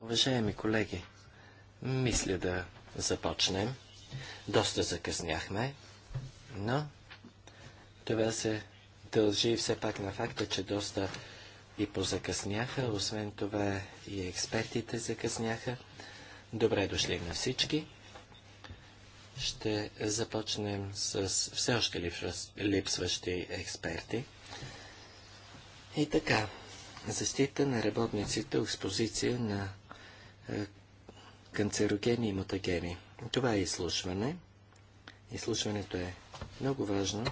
Уважаеми колеги, мисля да започнем. Доста закъсняхме, но това се дължи все пак на факта, че доста и позакъсняха, освен това и експертите закъсняха. Добре дошли на всички. Ще започнем с все още липсващи експерти. И така, защита на работниците, експозиция на е, канцерогени и мутагени. Това е изслушване. Изслушването е много важно,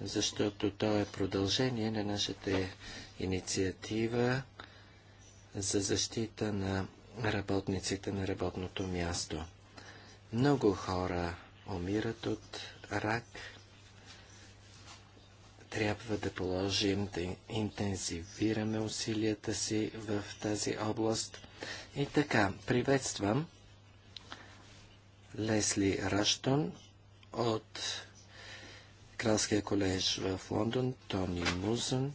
защото то е продължение на нашата инициатива за защита на работниците на работното място. Много хора умират от рак трябва да положим, да интензивираме усилията си в тази област. И така, приветствам Лесли Раштон от Кралския колеж в Лондон, Тони Музън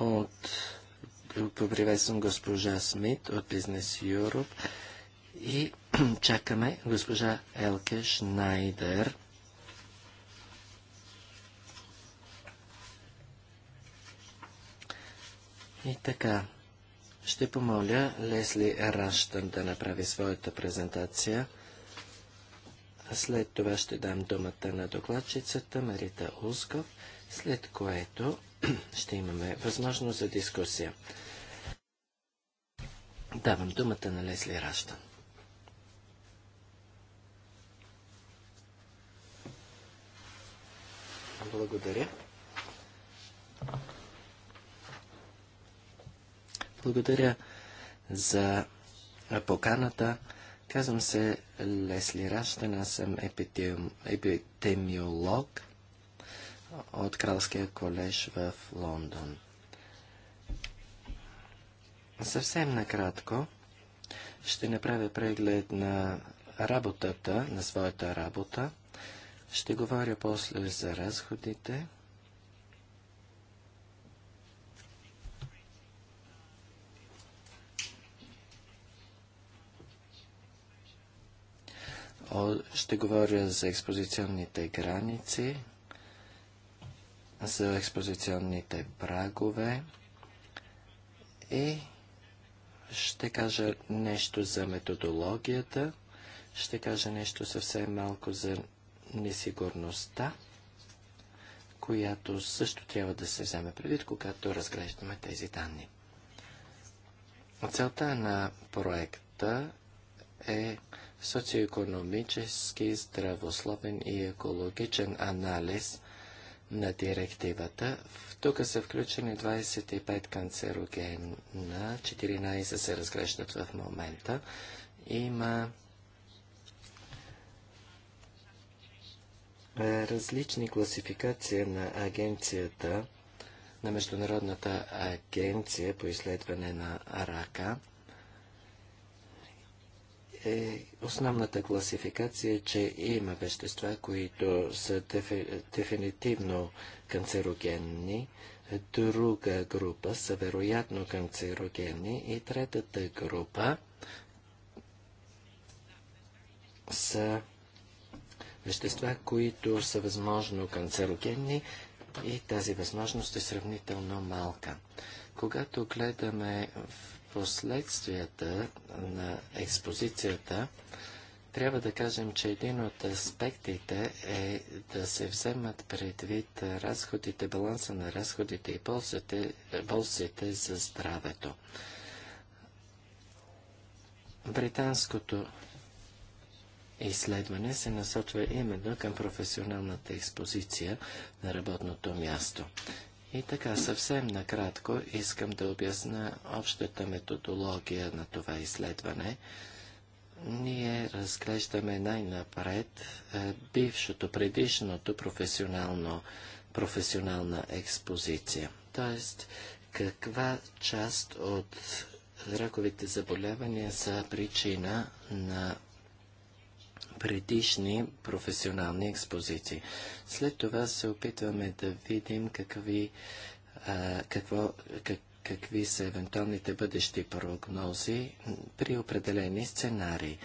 от Поприветствам госпожа Смит от Бизнес Europe и чакаме госпожа Елке Шнайдер. И така, ще помоля Лесли Раштън да направи своята презентация. След това ще дам думата на докладчицата Марита Узков, след което ще имаме възможност за дискусия. Давам думата на Лесли Раштън. Благодаря. Благодаря за поканата. Казвам се Лесли Ращен, аз съм епитемиолог от Кралския колеж в Лондон. Съвсем накратко ще направя преглед на работата, на своята работа ще говоря после за разходите. ще говоря за експозиционните граници, за експозиционните прагове и ще кажа нещо за методологията, ще кажа нещо съвсем малко за несигурността, която също трябва да се вземе предвид, когато разглеждаме тези данни. Целта на проекта е социоекономически, здравословен и екологичен анализ на директивата. Тук са включени 25 канцерогена, 14 се разгрещат в момента. Има различни класификации на агенцията, на Международната агенция по изследване на рака. Е, основната класификация е, че има вещества, които са дефи, дефинитивно канцерогенни, друга група са вероятно канцерогенни и третата група са вещества, които са възможно канцерогенни и тази възможност е сравнително малка. Когато гледаме в последствията на експозицията, трябва да кажем, че един от аспектите е да се вземат предвид разходите, баланса на разходите и ползите, ползите за здравето. Британското изследване се насочва именно към професионалната експозиция на работното място. И така, съвсем накратко искам да обясна общата методология на това изследване. Ние разглеждаме най-напред е, бившото, предишното професионално, професионална експозиция. Тоест, каква част от раковите заболявания са причина на предишни професионални експозиции. След това се опитваме да видим какви, а, какво, как, какви са евентуалните бъдещи прогнози при определени сценарии.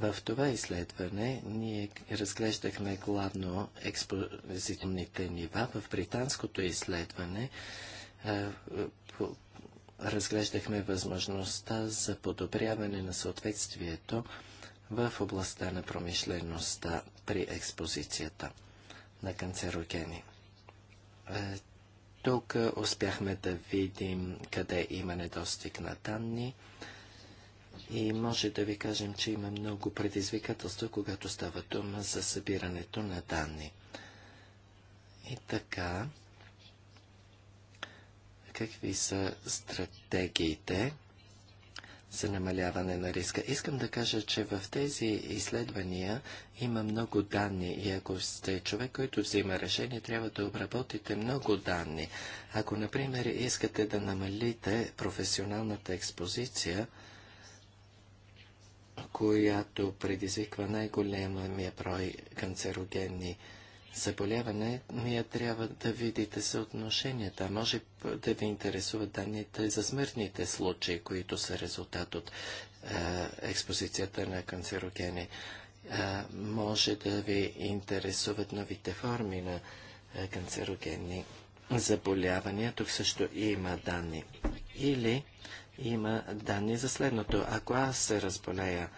В това изследване ние разглеждахме главно експозиционните нива. В британското изследване а, по, разглеждахме възможността за подобряване на съответствието в областта на промишлеността при експозицията на канцерогени. Е, тук успяхме да видим къде има недостиг на данни и може да ви кажем, че има много предизвикателства, когато става дума за събирането на данни. И така, какви са стратегиите за намаляване на риска. Искам да кажа, че в тези изследвания има много данни и ако сте човек, който взима решение, трябва да обработите много данни. Ако, например, искате да намалите професионалната експозиция, която предизвиква най-големия брой канцерогенни Заболяване, ние трябва да видите съотношенията. Може да ви интересуват данните за смъртните случаи, които са резултат от е, експозицията на канцерогени. Е, може да ви интересуват новите форми на е, канцерогени заболявания. Тук също има данни. Или има данни за следното. Ако аз се разболея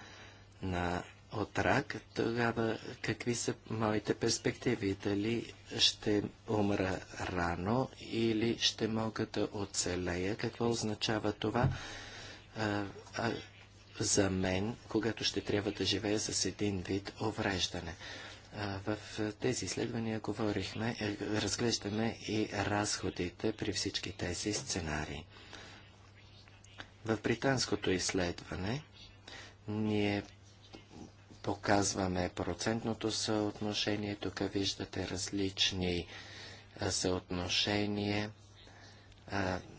на от рак, тогава какви са моите перспективи? Дали ще умра рано или ще мога да оцелея? Какво означава това а, а, за мен, когато ще трябва да живея с един вид увреждане? В тези изследвания говорихме, е, разглеждаме и разходите при всички тези сценарии. В британското изследване ние показваме процентното съотношение. Тук виждате различни съотношения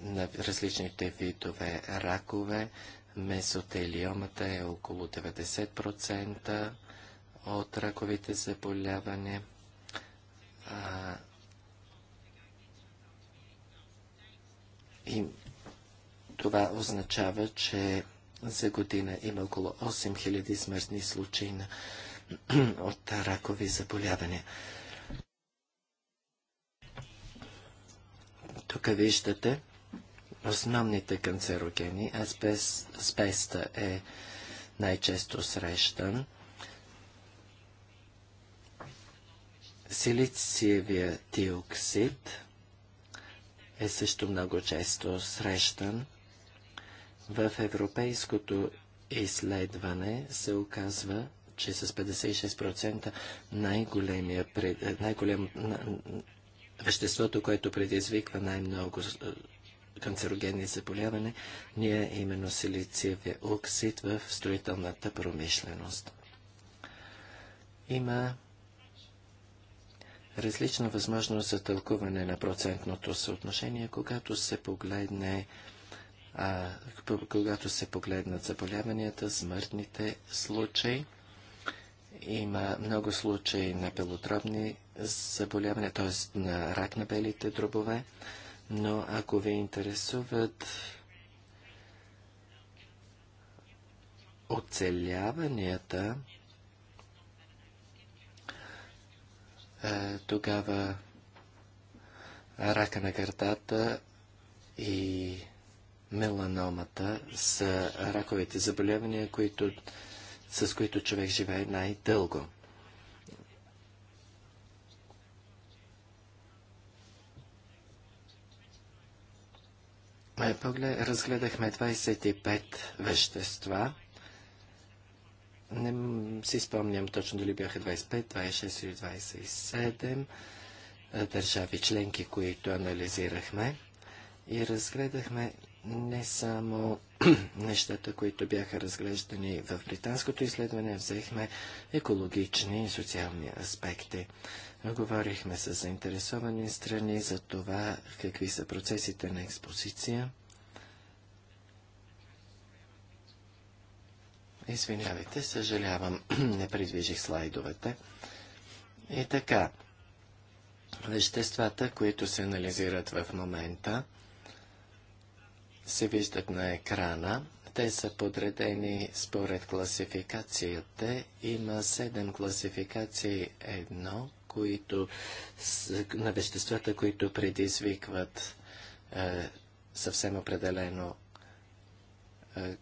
на различните видове ракове. Месотелиомата е около 90% от раковите заболявания. и това означава, че за година има около 8000 смъртни случаи на, от ракови заболявания. Тук виждате основните канцерогени. Асбест, асбеста е най-често срещан. Силициевия диоксид е също много често срещан. В европейското изследване се оказва, че с 56% най-големия, е, най-голем, веществото, което предизвиква най-много е, канцерогенни заболяване, ние е именно силициевия оксид в строителната промишленост. Има различна възможност за тълкуване на процентното съотношение, когато се погледне а, когато се погледнат заболяванията, смъртните случаи, има много случаи на белотробни заболявания, т.е. на рак на белите дробове, но ако ви интересуват оцеляванията, тогава рака на гърдата и меланомата са раковите заболявания, които, с които човек живее най-дълго. Погле, разгледахме 25 вещества. Не си спомням точно дали бяха 25, 26 или 27 държави членки, които анализирахме и разгледахме не само нещата, които бяха разглеждани в британското изследване, взехме екологични и социални аспекти. Говорихме с заинтересовани страни за това какви са процесите на експозиция. Извинявайте, съжалявам, не придвижих слайдовете. И така, веществата, които се анализират в момента, се виждат на екрана. Те са подредени според класификацията. Има 7 класификации едно, които, на веществата, които предизвикват е, съвсем определено е,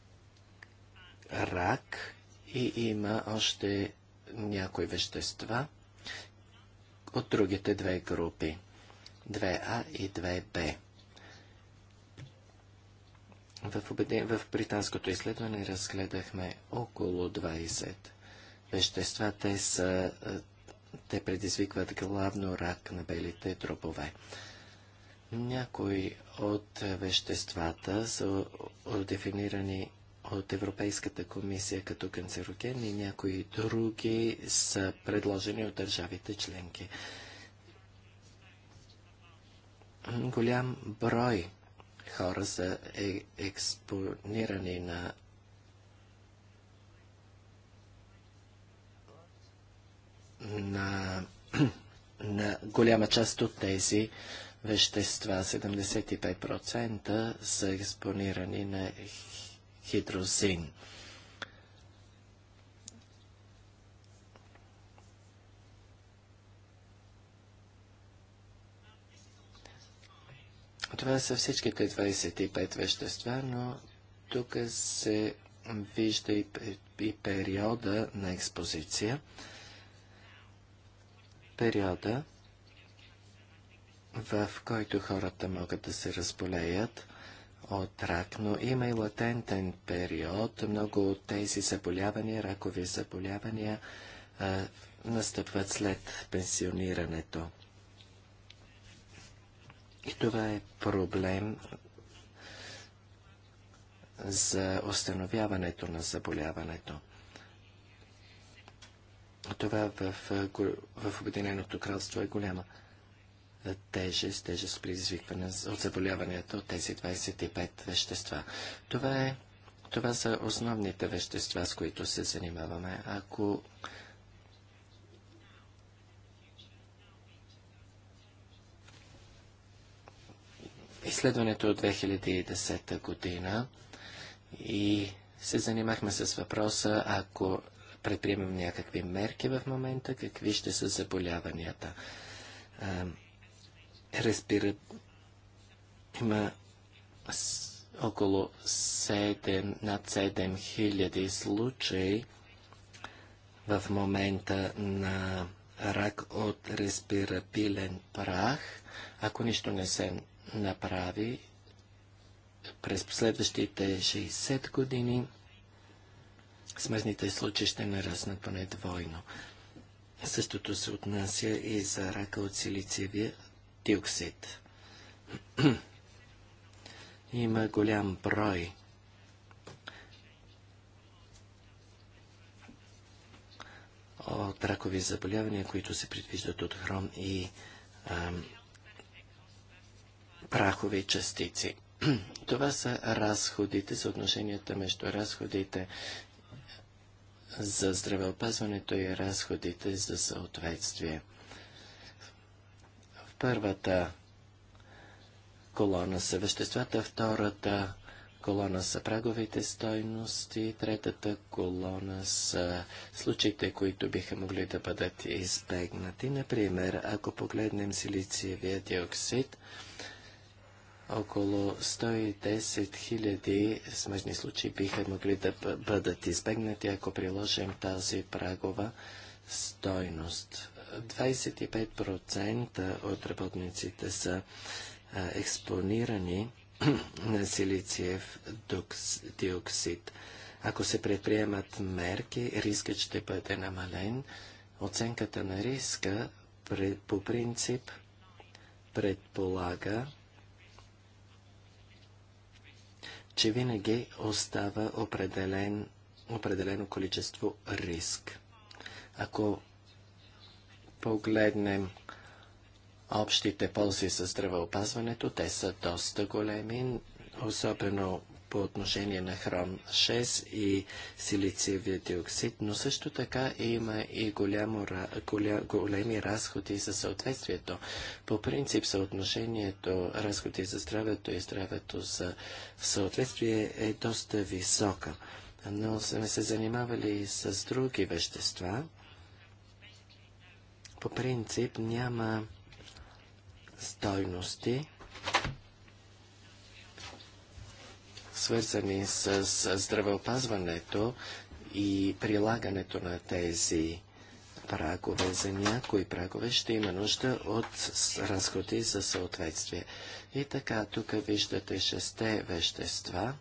рак и има още някои вещества от другите две групи 2А и 2Б. В, в британското изследване разгледахме около 20 вещества. Те, са, е, те предизвикват главно рак на белите дробове. Някои от веществата са дефинирани от Европейската комисия като канцерогени, някои други са предложени от държавите членки. Голям брой хора са е експонирани на на, на голяма част от тези вещества, 75% са експонирани на хидрозин. Това са всичките 25 вещества, но тук се вижда и, периода на експозиция. Периода, в който хората могат да се разболеят от рак, но има и латентен период. Много от тези заболявания, ракови заболявания, настъпват след пенсионирането. И това е проблем за установяването на заболяването. Това в, в Обединеното кралство е голяма тежест, тежест предизвикване от заболяването от тези 25 вещества. Това, е, това са основните вещества, с които се занимаваме. Ако изследването е от 2010 година и се занимахме с въпроса, ако предприемем някакви мерки в момента, какви ще са заболяванията. респира... Има около 7, над 7000 случаи в момента на рак от респирабилен прах, ако нищо не се направи през последващите 60 години, смъртните случаи ще нараснат поне двойно. Същото се отнася и за рака от силициевия диоксид. Има голям брой от ракови заболявания, които се предвиждат от хром и ам, прахови частици. Това са разходите, съотношенията между разходите за здравеопазването и разходите за съответствие. В първата колона са веществата, втората колона са праговите стойности, третата колона са случаите, които биха могли да бъдат избегнати. Например, ако погледнем силициевия диоксид, около 110 хиляди смъртни случаи биха могли да бъдат избегнати, ако приложим тази прагова стойност. 25% от работниците са а, експонирани на силициев диоксид. Ако се предприемат мерки, рискът ще бъде намален. Оценката на риска по принцип предполага че винаги остава определен, определено количество риск. Ако погледнем общите ползи за здравеопазването, те са доста големи, особено по отношение на хром 6 и силициевия диоксид, но също така има и голямо, голя, големи разходи за съответствието. По принцип съотношението разходи за здравето и здравето за съответствие е доста висока. Но сме се занимавали и с други вещества. По принцип няма стойности, свързани с здравеопазването и прилагането на тези прагове. За някои прагове ще има нужда от разходи за съответствие. И така, тук виждате шесте вещества,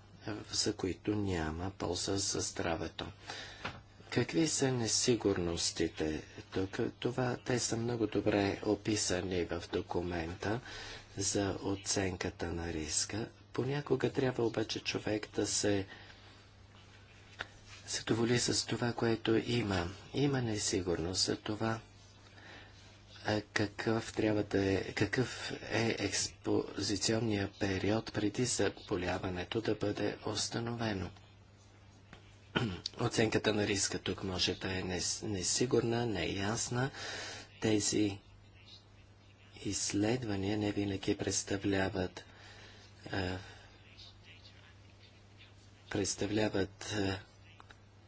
за които няма полза за здравето. Какви са несигурностите? Тук, това, те са много добре описани в документа за оценката на риска. Понякога трябва обаче човек да се задоволи с това, което има. Има несигурност за това какъв, трябва да е, какъв е експозиционния период преди заболяването да бъде установено. Оценката на риска тук може да е несигурна, неясна. Тези изследвания не винаги представляват представляват,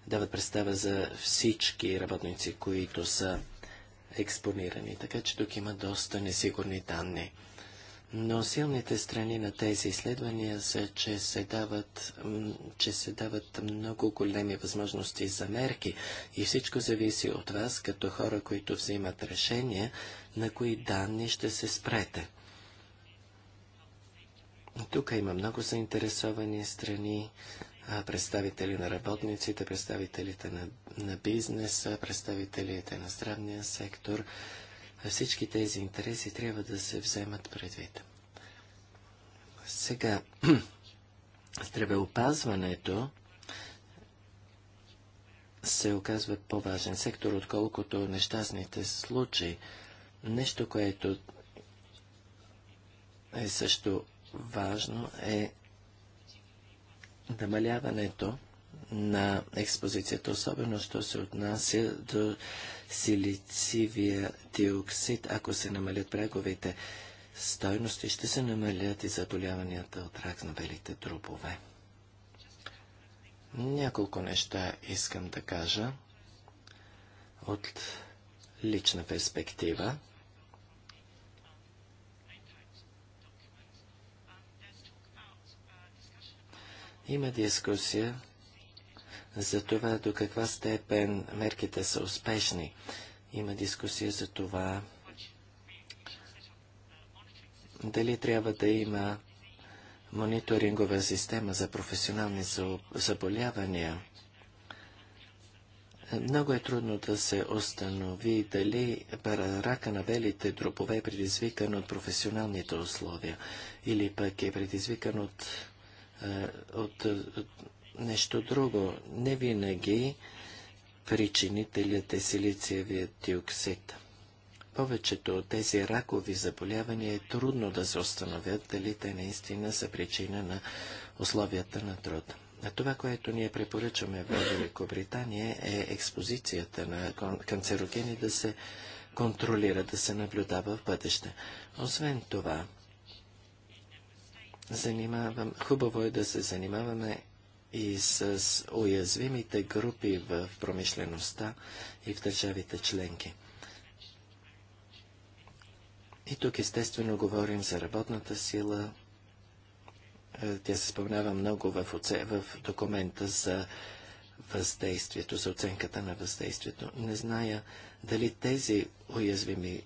дават представа за всички работници, които са експонирани. Така че тук има доста несигурни данни. Но силните страни на тези изследвания са, че се дават, че се дават много големи възможности за мерки и всичко зависи от вас, като хора, които взимат решение, на кои данни ще се спрете. Тук има много заинтересовани страни, представители на работниците, представителите на, на бизнеса, представителите на здравния сектор. Всички тези интереси трябва да се вземат предвид. Сега, здравеопазването се оказва по-важен сектор, отколкото нещастните случаи. Нещо, което е също важно е намаляването на експозицията, особено що се отнася до силицивия диоксид, ако се намалят бреговите стойности, ще се намалят и заболяванията от рак на белите трупове. Няколко неща искам да кажа от лична перспектива. Има дискусия за това до каква степен мерките са успешни. Има дискусия за това дали трябва да има мониторингова система за професионални заболявания. Много е трудно да се установи дали рака на белите дробове е предизвикан от професионалните условия или пък е предизвикан от е, е, от, нещо друго. Не винаги причинителят е силициевият диоксид. Повечето от тези ракови заболявания е трудно да се установят дали те наистина са причина на условията на труд. А това, което ние препоръчваме в Великобритания е експозицията на канцерогени да се контролира, да се наблюдава в бъдеще. Освен това, занимавам, хубаво е да се занимаваме и с уязвимите групи в промишлеността и в държавите членки. И тук естествено говорим за работната сила. Е, тя се спомнява много в, оце... в документа за въздействието, за оценката на въздействието. Не зная дали тези уязвими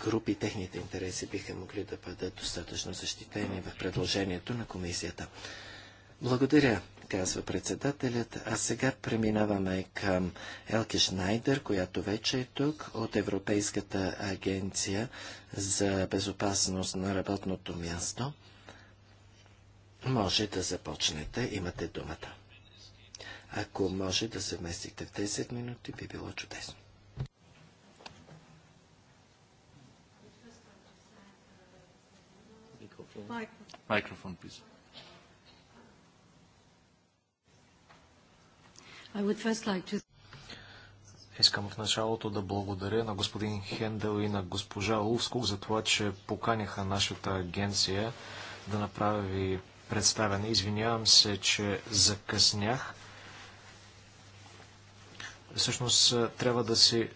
групи, техните интереси биха могли да бъдат достатъчно защитени в предложението на комисията. Благодаря, казва председателят. А сега преминаваме към Елки Шнайдер, която вече е тук от Европейската агенция за безопасност на работното място. Може да започнете, имате думата. Ако може да се вместите в 10 минути, би било чудесно. Microphone, please. I would first like to... Искам в началото да благодаря на господин Хендел и на госпожа Улскок за това, че поканяха нашата агенция да направи представяне. Извинявам се, че закъснях всъщност трябва да си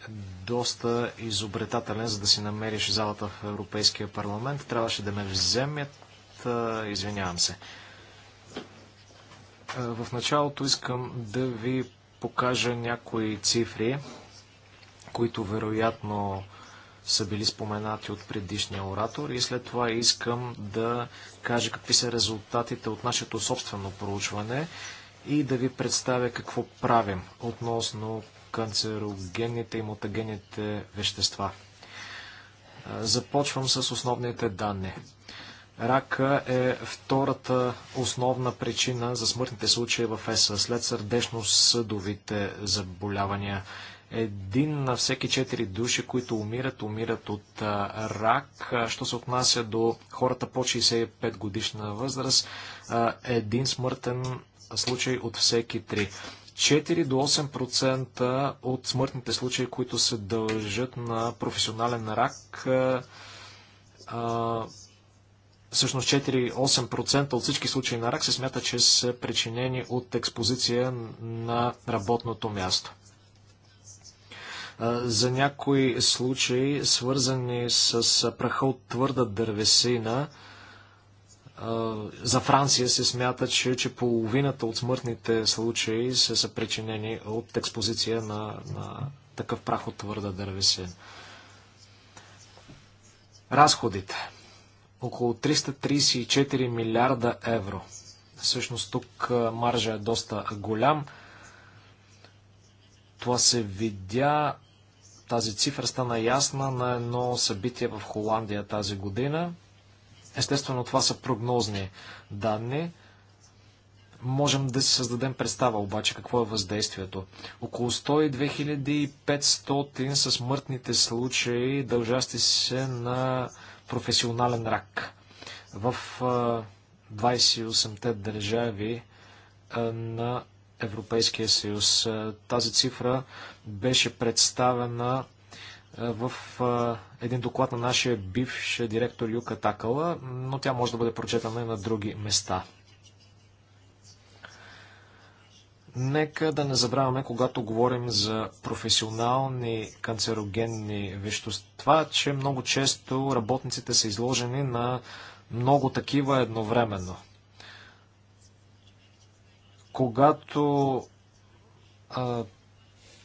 доста изобретателен, за да си намериш залата в Европейския парламент. Трябваше да ме вземят. Извинявам се. В началото искам да ви покажа някои цифри, които вероятно са били споменати от предишния оратор и след това искам да кажа какви са резултатите от нашето собствено проучване и да ви представя какво правим относно канцерогенните и мутагенните вещества. Започвам с основните данни. Рака е втората основна причина за смъртните случаи в ЕСА след сърдечно-съдовите заболявания. Един на всеки четири души, които умират, умират от рак. Що се отнася до хората по 65 годишна възраст, един смъртен случаи от всеки 3. 4 до 8% от смъртните случаи, които се дължат на професионален рак, а, всъщност 4-8% от всички случаи на рак се смята, че са причинени от експозиция на работното място. За някои случаи, свързани с праха от твърда дървесина, за Франция се смята, че, че половината от смъртните случаи са, са причинени от експозиция на, на такъв прах от твърда дървесина. Разходите. Около 334 милиарда евро. Всъщност тук маржа е доста голям. Това се видя, тази цифра стана ясна на едно събитие в Холандия тази година – Естествено, това са прогнозни данни. Можем да си създадем представа обаче какво е въздействието. Около 102500 са смъртните случаи, дължащи се на професионален рак. В 28-те държави на Европейския съюз. Тази цифра беше представена е, в е, един доклад на нашия бивш директор Юка Такала, но тя може да бъде прочетана и на други места. Нека да не забравяме, когато говорим за професионални канцерогенни вещества, че много често работниците са изложени на много такива едновременно. Когато а,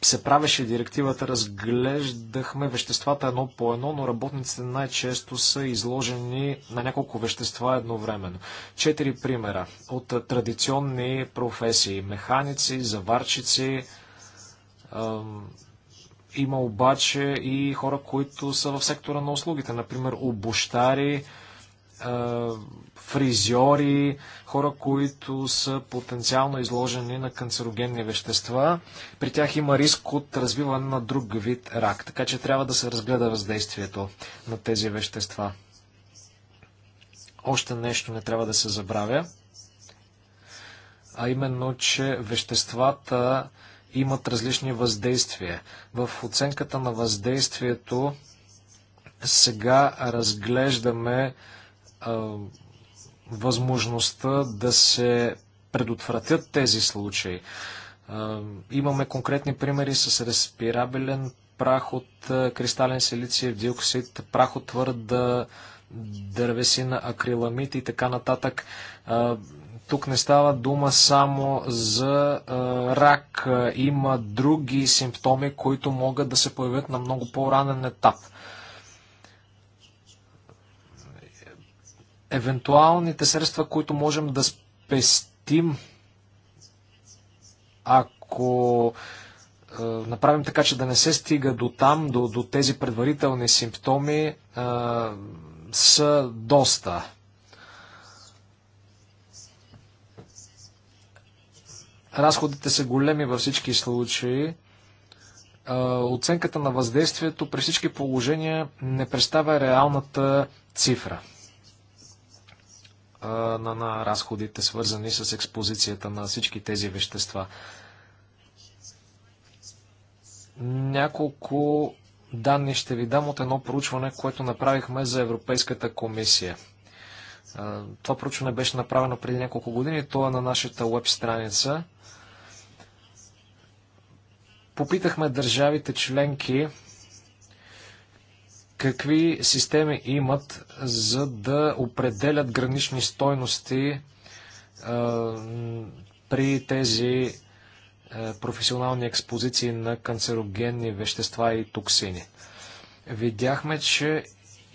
се правеше директивата, разглеждахме веществата едно по едно, но работниците най-често са изложени на няколко вещества едновременно. Четири примера от традиционни професии. Механици, заварчици, има обаче и хора, които са в сектора на услугите, например обощари, фризьори, хора, които са потенциално изложени на канцерогенни вещества. При тях има риск от развиване на друг вид рак, така че трябва да се разгледа въздействието на тези вещества. Още нещо не трябва да се забравя, а именно, че веществата имат различни въздействия. В оценката на въздействието сега разглеждаме възможността да се предотвратят тези случаи. Имаме конкретни примери с респирабелен прах от кристален силициев диоксид, прах от твърда дървесина, акриламид и така нататък. Тук не става дума само за рак. Има други симптоми, които могат да се появят на много по-ранен етап – евентуалните средства, които можем да спестим, ако е, направим така, че да не се стига до там, до, до тези предварителни симптоми, е, са доста. Разходите са големи във всички случаи. Е, оценката на въздействието при всички положения не представя реалната цифра на, на разходите, свързани с експозицията на всички тези вещества. Няколко данни ще ви дам от едно проучване, което направихме за Европейската комисия. Това проучване беше направено преди няколко години. То е на нашата веб страница. Попитахме държавите членки какви системи имат, за да определят гранични стойности а, е, при тези а, е, професионални експозиции на канцерогенни вещества и токсини. Видяхме, че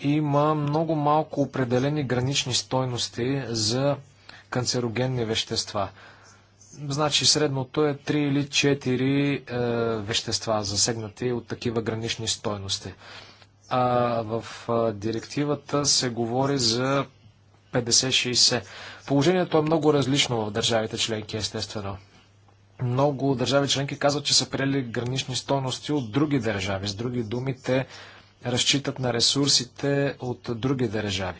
има много малко определени гранични стойности за канцерогенни вещества. Значи средното е 3 или 4 е, вещества, засегнати от такива гранични стойности а в директивата се говори за 50-60. Положението е много различно в държавите членки, естествено. Много държави членки казват, че са приели гранични стойности от други държави. С други думи, те разчитат на ресурсите от други държави.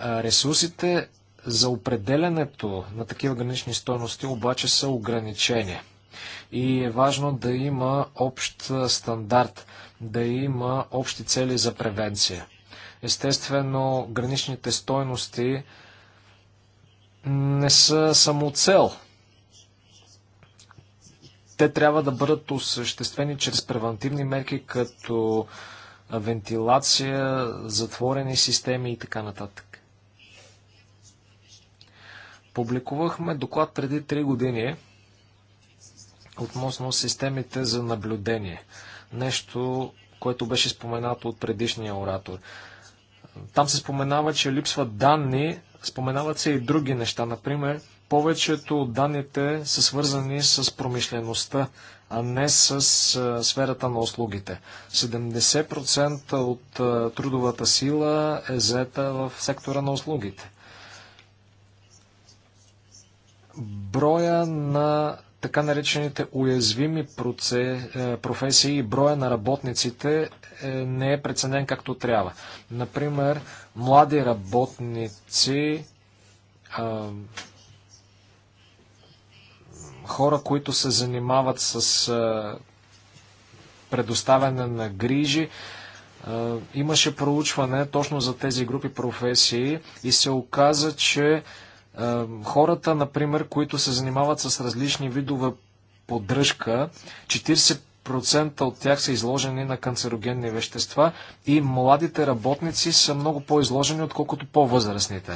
Ресурсите за определенето на такива гранични стойности обаче са ограничени. И е важно да има общ стандарт, да има общи цели за превенция. Естествено, граничните стойности не са само цел. Те трябва да бъдат осъществени чрез превентивни мерки, като вентилация, затворени системи и така нататък. Публикувахме доклад преди 3 години относно системите за наблюдение. Нещо, което беше споменато от предишния оратор. Там се споменава, че липсват данни, споменават се и други неща. Например, повечето от данните са свързани с промишлеността, а не с сферата на услугите. 70% от трудовата сила е взета в сектора на услугите. Броя на така наречените уязвими е, професии и броя на работниците е, не е преценен както трябва. Например, млади работници, хора, които се занимават с е, предоставяне на грижи, имаше проучване точно за тези групи професии и се оказа, че е, хората, например, които се занимават с различни видове поддръжка, 40% от тях са изложени на канцерогенни вещества и младите работници са много по-изложени, отколкото по-възрастните.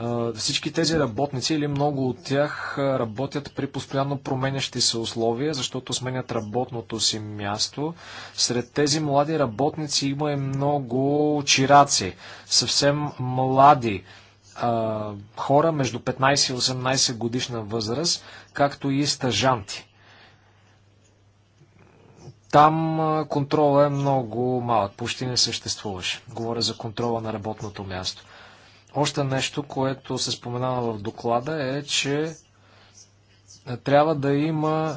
Е, всички тези работници или много от тях е, работят при постоянно променящи се условия, защото сменят работното си място. Сред тези млади работници има и много чираци, съвсем млади а, хора между 15 и 18 годишна възраст, както и стажанти. Там контрола е много малък, почти не съществуваше. Говоря за контрола на работното място. Още нещо, което се споменава в доклада е, че трябва да има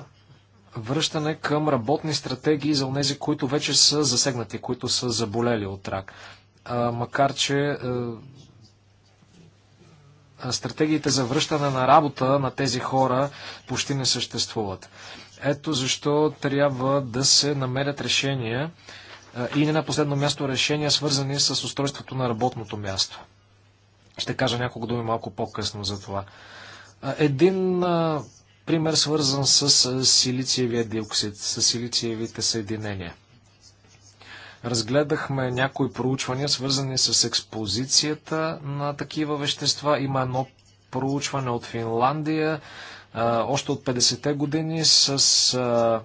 връщане към работни стратегии за тези, които вече са засегнати, които са заболели от рак. А, макар, че а, стратегиите за връщане на работа на тези хора почти не съществуват. Ето защо трябва да се намерят решения и не на последно място решения, свързани с устройството на работното място. Ще кажа няколко думи малко по-късно за това. Един пример свързан с силициевия диоксид, с силициевите съединения – Разгледахме някои проучвания, свързани с експозицията на такива вещества. Има едно проучване от Финландия, още от 50-те години с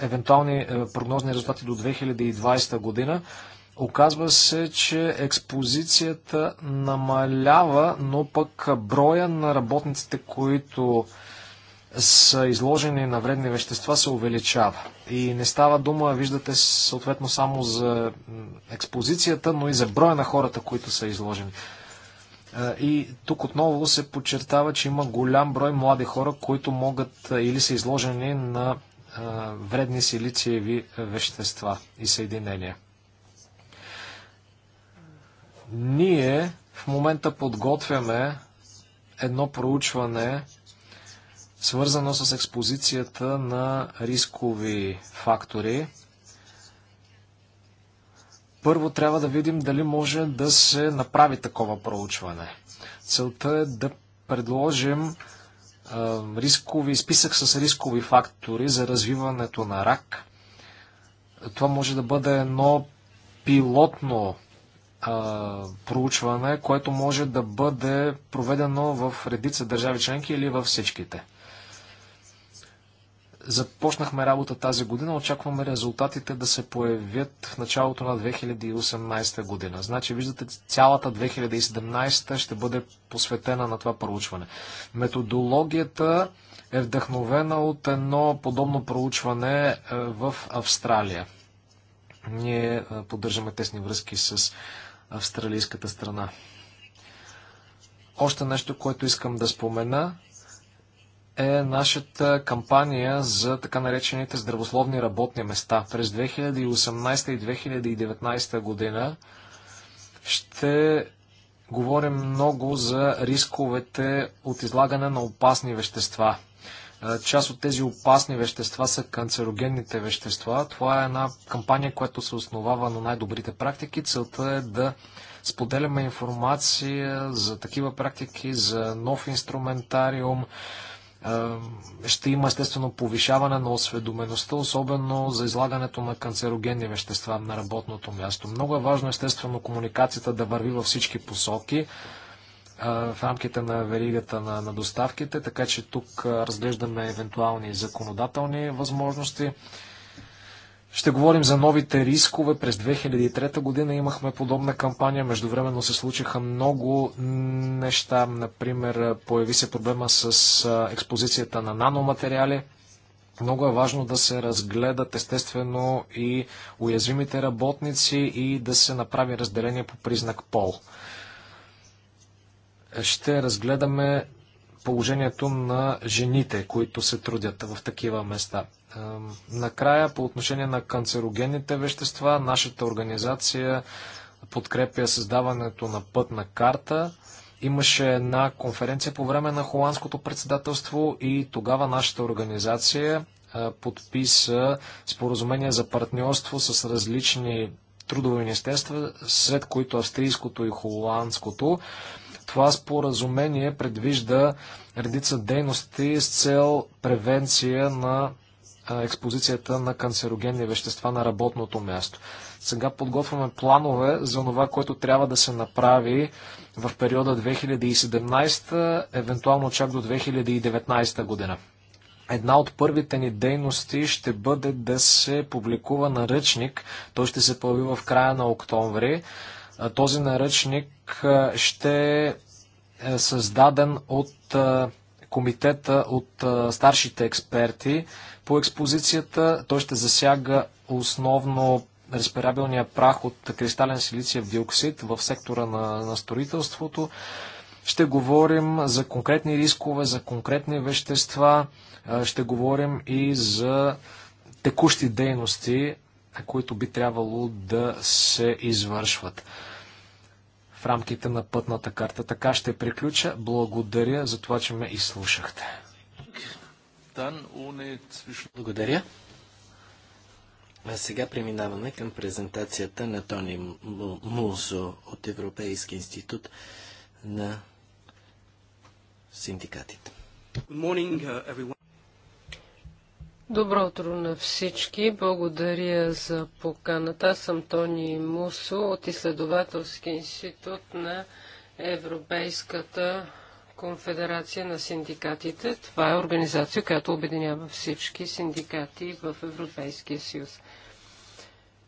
евентуални прогнозни резултати до 2020 година. Оказва се, че експозицията намалява, но пък броя на работниците, които са изложени на вредни вещества се увеличава. И не става дума, виждате, съответно само за експозицията, но и за броя на хората, които са изложени. И тук отново се подчертава, че има голям брой млади хора, които могат или са изложени на вредни силициеви вещества и съединения. Ние в момента подготвяме едно проучване свързано с експозицията на рискови фактори. Първо трябва да видим дали може да се направи такова проучване. Целта е да предложим рискови, списък с рискови фактори за развиването на рак. Това може да бъде едно пилотно а, проучване, което може да бъде проведено в редица държави членки или във всичките. Започнахме работа тази година, очакваме резултатите да се появят в началото на 2018 година. Значи, виждате, цялата 2017 ще бъде посветена на това проучване. Методологията е вдъхновена от едно подобно проучване е, в Австралия. Ние е, поддържаме тесни връзки с австралийската страна. Още нещо, което искам да спомена, е нашата кампания за така наречените здравословни работни места. През 2018 и 2019 година ще говорим много за рисковете от излагане на опасни вещества. Е, част от тези опасни вещества са канцерогенните вещества. Това е една кампания, която се основава на най-добрите практики. Целта е да споделяме информация за такива практики, за нов инструментариум, е, ще има естествено повишаване на осведомеността, особено за излагането на канцерогенни вещества на работното място. Много е важно естествено комуникацията да върви във всички посоки в рамките на веригата на, на доставките, така че тук разглеждаме евентуални законодателни възможности. Ще говорим за новите рискове. През 2003 година имахме подобна кампания. Междувременно се случиха много неща. Например, появи се проблема с експозицията на наноматериали. Много е важно да се разгледат естествено и уязвимите работници и да се направи разделение по признак пол. Ще разгледаме положението на жените, които се трудят в такива места. Накрая, по отношение на канцерогенните вещества, нашата организация подкрепя създаването на пътна карта. Имаше една конференция по време на холандското председателство и тогава нашата организация подписа споразумение за партньорство с различни трудови министерства, сред които австрийското и холандското. Това споразумение предвижда редица дейности с цел превенция на експозицията на канцерогенни вещества на работното място. Сега подготвяме планове за това, което трябва да се направи в периода 2017, евентуално чак до 2019 година. Една от първите ни дейности ще бъде да се публикува наръчник. Той ще се появи в края на октомври. Този наръчник ще е създаден от комитета от старшите експерти по експозицията. Той ще засяга основно респирабилния прах от кристален силициев диоксид в сектора на, на строителството. Ще говорим за конкретни рискове, за конкретни вещества, ще говорим и за текущи дейности, които би трябвало да се извършват в рамките на пътната карта. Така ще приключа. Благодаря за това, че ме изслушахте. Благодаря. А сега преминаваме към презентацията на Тони Мулзо от Европейски институт на синдикатите. Good morning, uh, Добро утро на всички. Благодаря за поканата. Аз съм Тони Мусо от изследователски институт на Европейската конфедерация на синдикатите. Това е организация, която обединява всички синдикати в Европейския съюз.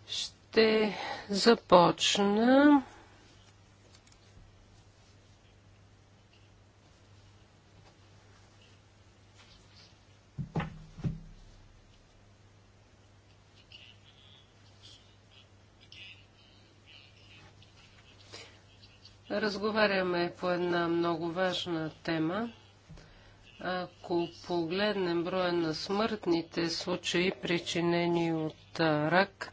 Ще започна Разговаряме по една много важна тема. Ако погледнем броя на смъртните случаи, причинени от рак,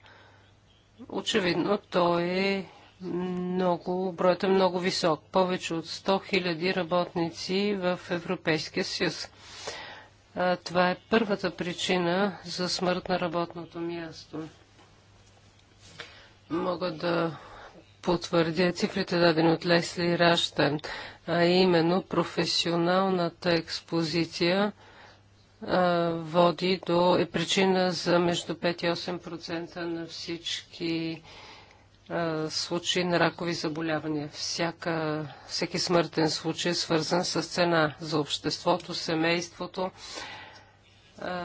очевидно той е много, броят е много висок. Повече от 100 000 работници в Европейския съюз. Това е първата причина за смърт на работното място. Мога да потвърдя цифрите дадени от Лесли Раштен, а именно професионалната експозиция а, води до, е причина за между 5 и 8% на всички случаи на ракови заболявания. Всяка, всеки смъртен случай е свързан с цена за обществото, семейството, а,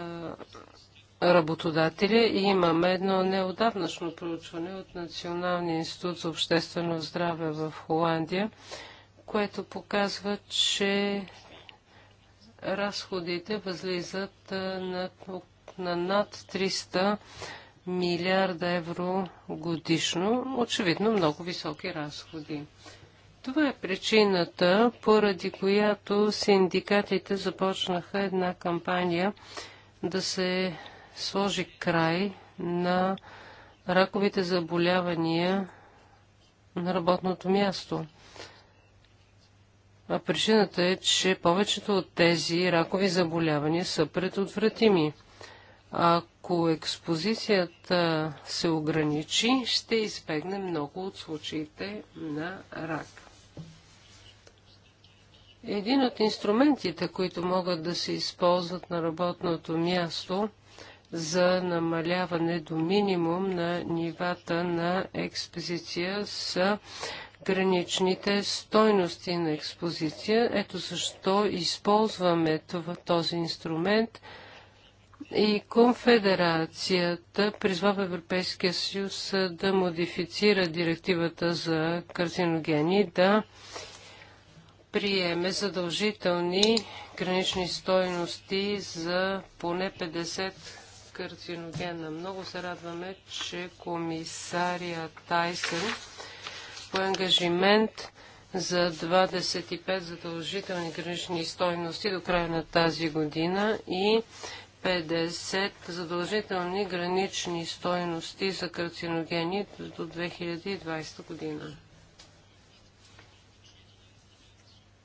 работодатели. И имаме едно неодавнашно проучване от Националния институт за обществено здраве в Холандия, което показва, че разходите възлизат на, на над 300 милиарда евро годишно. Очевидно много високи разходи. Това е причината, поради която синдикатите започнаха една кампания да се сложи край на раковите заболявания на работното място. А причината е, че повечето от тези ракови заболявания са предотвратими. Ако експозицията се ограничи, ще избегне много от случаите на рак. Един от инструментите, които могат да се използват на работното място – за намаляване до минимум на нивата на експозиция с граничните стойности на експозиция. Ето защо използваме това, този инструмент и Конфедерацията призвава Европейския съюз да модифицира директивата за карциногени, да приеме задължителни гранични стойности за поне 50 карциногенна. Много се радваме, че комисария Тайсън по ангажимент за 25 задължителни гранични стойности до края на тази година и 50 задължителни гранични стойности за карциногени до 2020 година.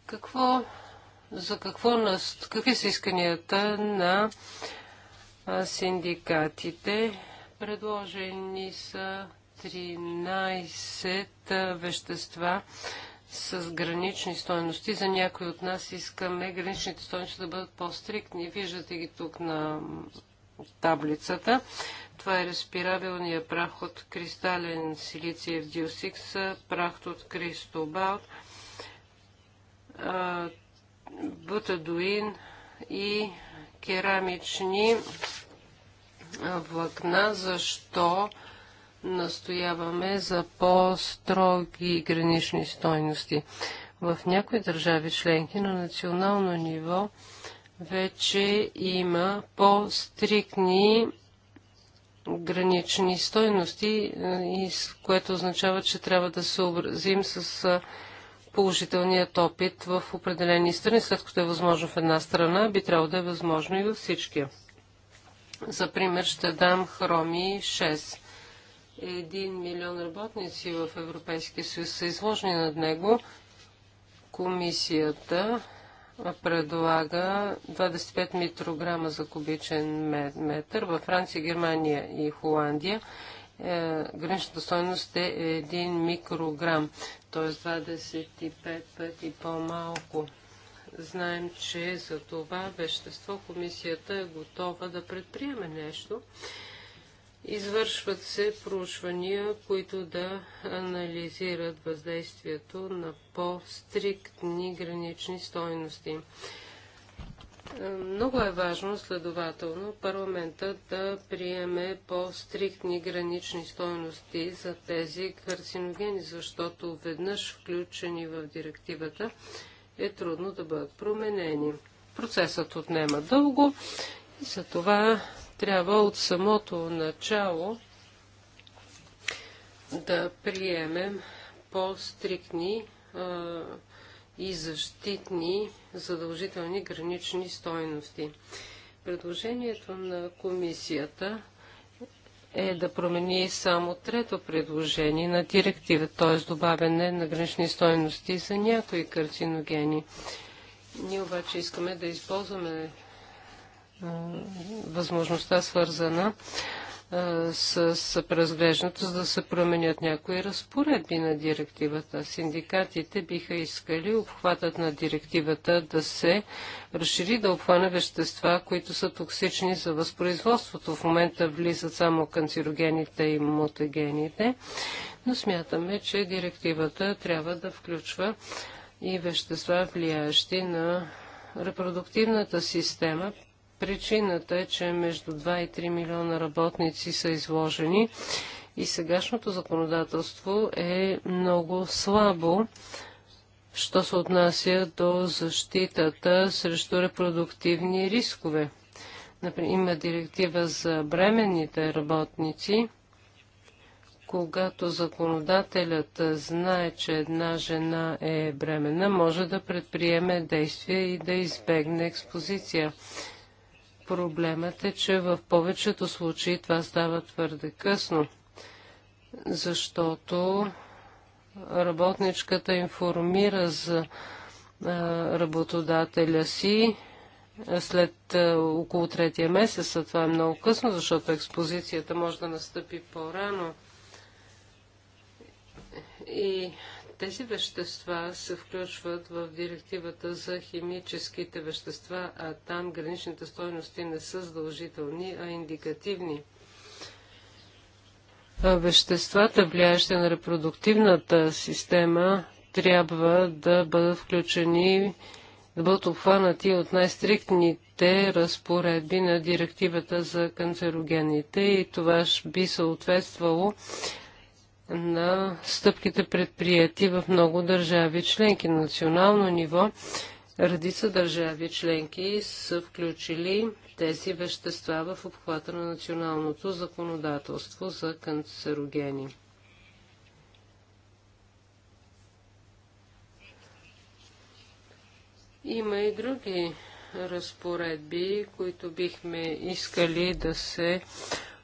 Какво, за какво, какви са исканията на синдикатите. Предложени са 13 вещества с гранични стойности. За някои от нас искаме граничните стойности да бъдат по-стриктни. Виждате ги тук на таблицата. Това е респирабилния прах от кристален силициев диосикс, прах от кристобалт, бутадуин и керамични влакна. Защо настояваме за по-строги гранични стойности? В някои държави членки на национално ниво вече има по-стрикни гранични стойности, което означава, че трябва да се образим с положителният опит в определени страни, след като е възможно в една страна, би трябвало да е възможно и във всички. За пример ще дам хроми 6. Един милион работници в Европейския съюз са изложени над него. Комисията предлага 25 микрограма за кубичен метър във Франция, Германия и Холандия е, граничната стойност е 1 микрограм, т.е. 25 пъти по-малко. Знаем, че за това вещество комисията е готова да предприеме нещо. Извършват се проучвания, които да анализират въздействието на по-стриктни гранични стойности. Е, много е важно, следователно, парламента да приеме по-стриктни гранични стойности за тези карциногени, защото веднъж включени в директивата е трудно да бъдат променени. Процесът отнема дълго и за това трябва от самото начало да приемем по-стриктни е, и защитни задължителни гранични стойности. Предложението на комисията е да промени само трето предложение на директива, т.е. добавяне на гранични стойности за някои карциногени. Ние обаче искаме да използваме възможността свързана с, преразглеждането, за да се променят някои разпоредби на директивата. Синдикатите биха искали обхватът на директивата да се разшири да обхване вещества, които са токсични за възпроизводството. В момента влизат само канцерогените и мутагените, но смятаме, че директивата трябва да включва и вещества, влияещи на репродуктивната система, Причината е, че между 2 и 3 милиона работници са изложени и сегашното законодателство е много слабо, що се отнася до защитата срещу репродуктивни рискове. Например, има директива за бременните работници, когато законодателят знае, че една жена е бременна, може да предприеме действия и да избегне експозиция. Проблемът е, че в повечето случаи това става твърде късно, защото работничката информира за работодателя си след около третия месец, а това е много късно, защото експозицията може да настъпи по-рано. И тези вещества се включват в директивата за химическите вещества, а там граничните стойности не са задължителни, а индикативни. Веществата, влияещи на репродуктивната система, трябва да бъдат включени, да бъдат обхванати от най-стриктните разпоредби на директивата за канцерогените и това би съответствало на стъпките предприяти в много държави членки. На национално ниво редица държави членки са включили тези вещества в обхвата на националното законодателство за канцерогени. Има и други разпоредби, които бихме искали да се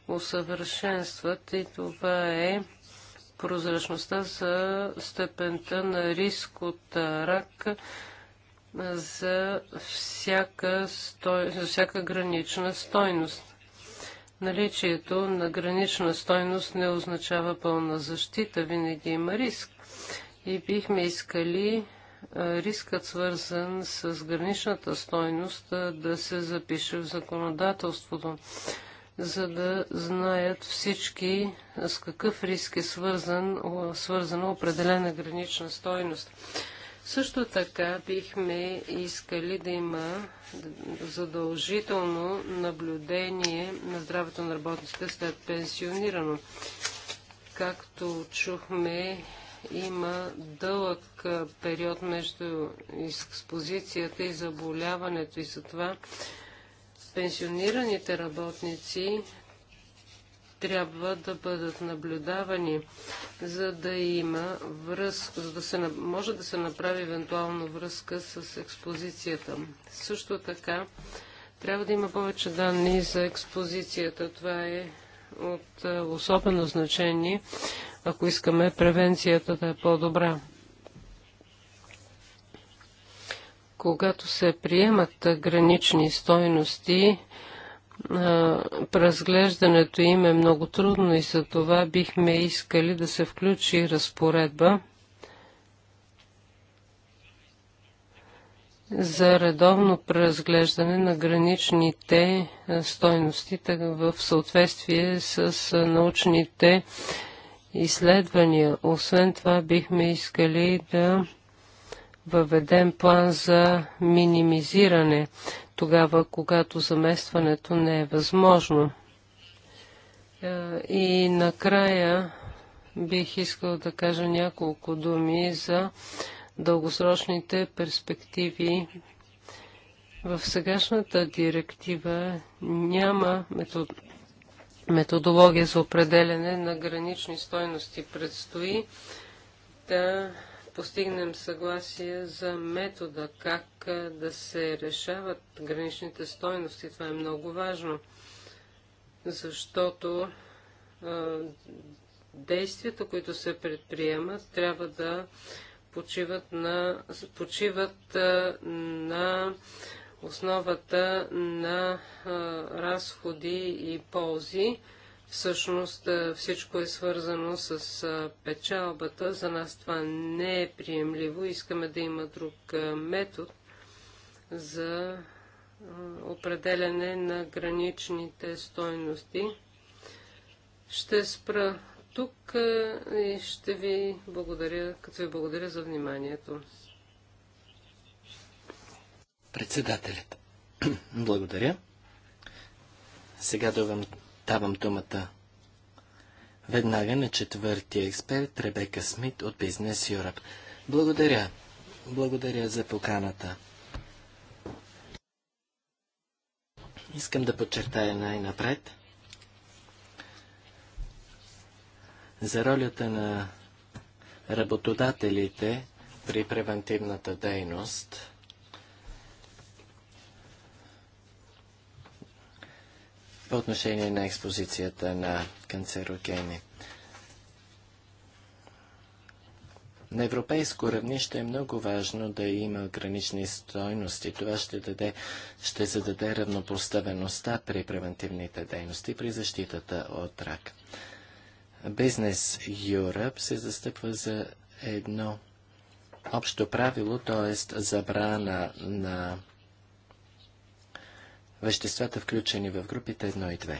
усъвършенстват и това е прозрачността за степента на риск от рак за всяка, стой... за всяка гранична стойност. Наличието на гранична стойност не означава пълна защита, винаги има риск. И бихме искали рискът свързан с граничната стойност да се запише в законодателството за да знаят всички с какъв риск е свързан, свързана определена гранична стойност. Също така бихме искали да има задължително наблюдение на здравето на работниците след пенсионирано. Както чухме, има дълъг период между експозицията и заболяването и затова това пенсионираните работници трябва да бъдат наблюдавани, за да има връзка, за да се, може да се направи евентуално връзка с експозицията. Също така, трябва да има повече данни за експозицията. Това е от особено значение, ако искаме превенцията да е по-добра. Когато се приемат гранични стойности, разглеждането им е много трудно и за това бихме искали да се включи разпоредба за редовно преразглеждане на граничните стойности в съответствие с научните изследвания. Освен това бихме искали да въведен план за минимизиране, тогава когато заместването не е възможно. Е, и накрая бих искал да кажа няколко думи за дългосрочните перспективи. В сегашната директива няма метод... методология за определене на гранични стойности. Предстои да постигнем съгласие за метода, как да се решават граничните стойности. Това е много важно, защото а, действията, които се предприемат, трябва да почиват на, почиват а, на основата на а, разходи и ползи Всъщност е, всичко е свързано с е, печалбата. За нас това не е приемливо. Искаме да има друг е, метод за определене на граничните стойности. Ще спра тук и ще ви благодаря, като ви благодаря за вниманието. Председателят. Благодаря. Сега давам Давам думата веднага на четвъртия експерт Ребека Смит от Бизнес Юрап. Благодаря. Благодаря за поканата. Искам да подчертая най-напред за ролята на работодателите при превентивната дейност – по отношение на експозицията на канцерогени. На европейско равнище е много важно да има гранични стойности. Това ще, даде, ще зададе равнопоставеността при превентивните дейности, при защитата от рак. Бизнес Europe се застъпва за едно общо правило, т.е. забрана на веществата, включени в групите 1 и 2.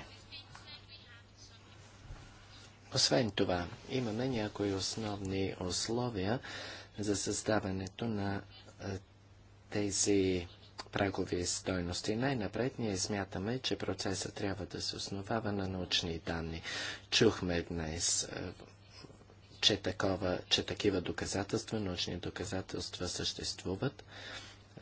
Освен това, имаме някои основни условия за създаването на тези прагови стойности. Най-напред ние смятаме, че процесът трябва да се основава на научни данни. Чухме днес, че, такова, че такива доказателства, научни доказателства съществуват.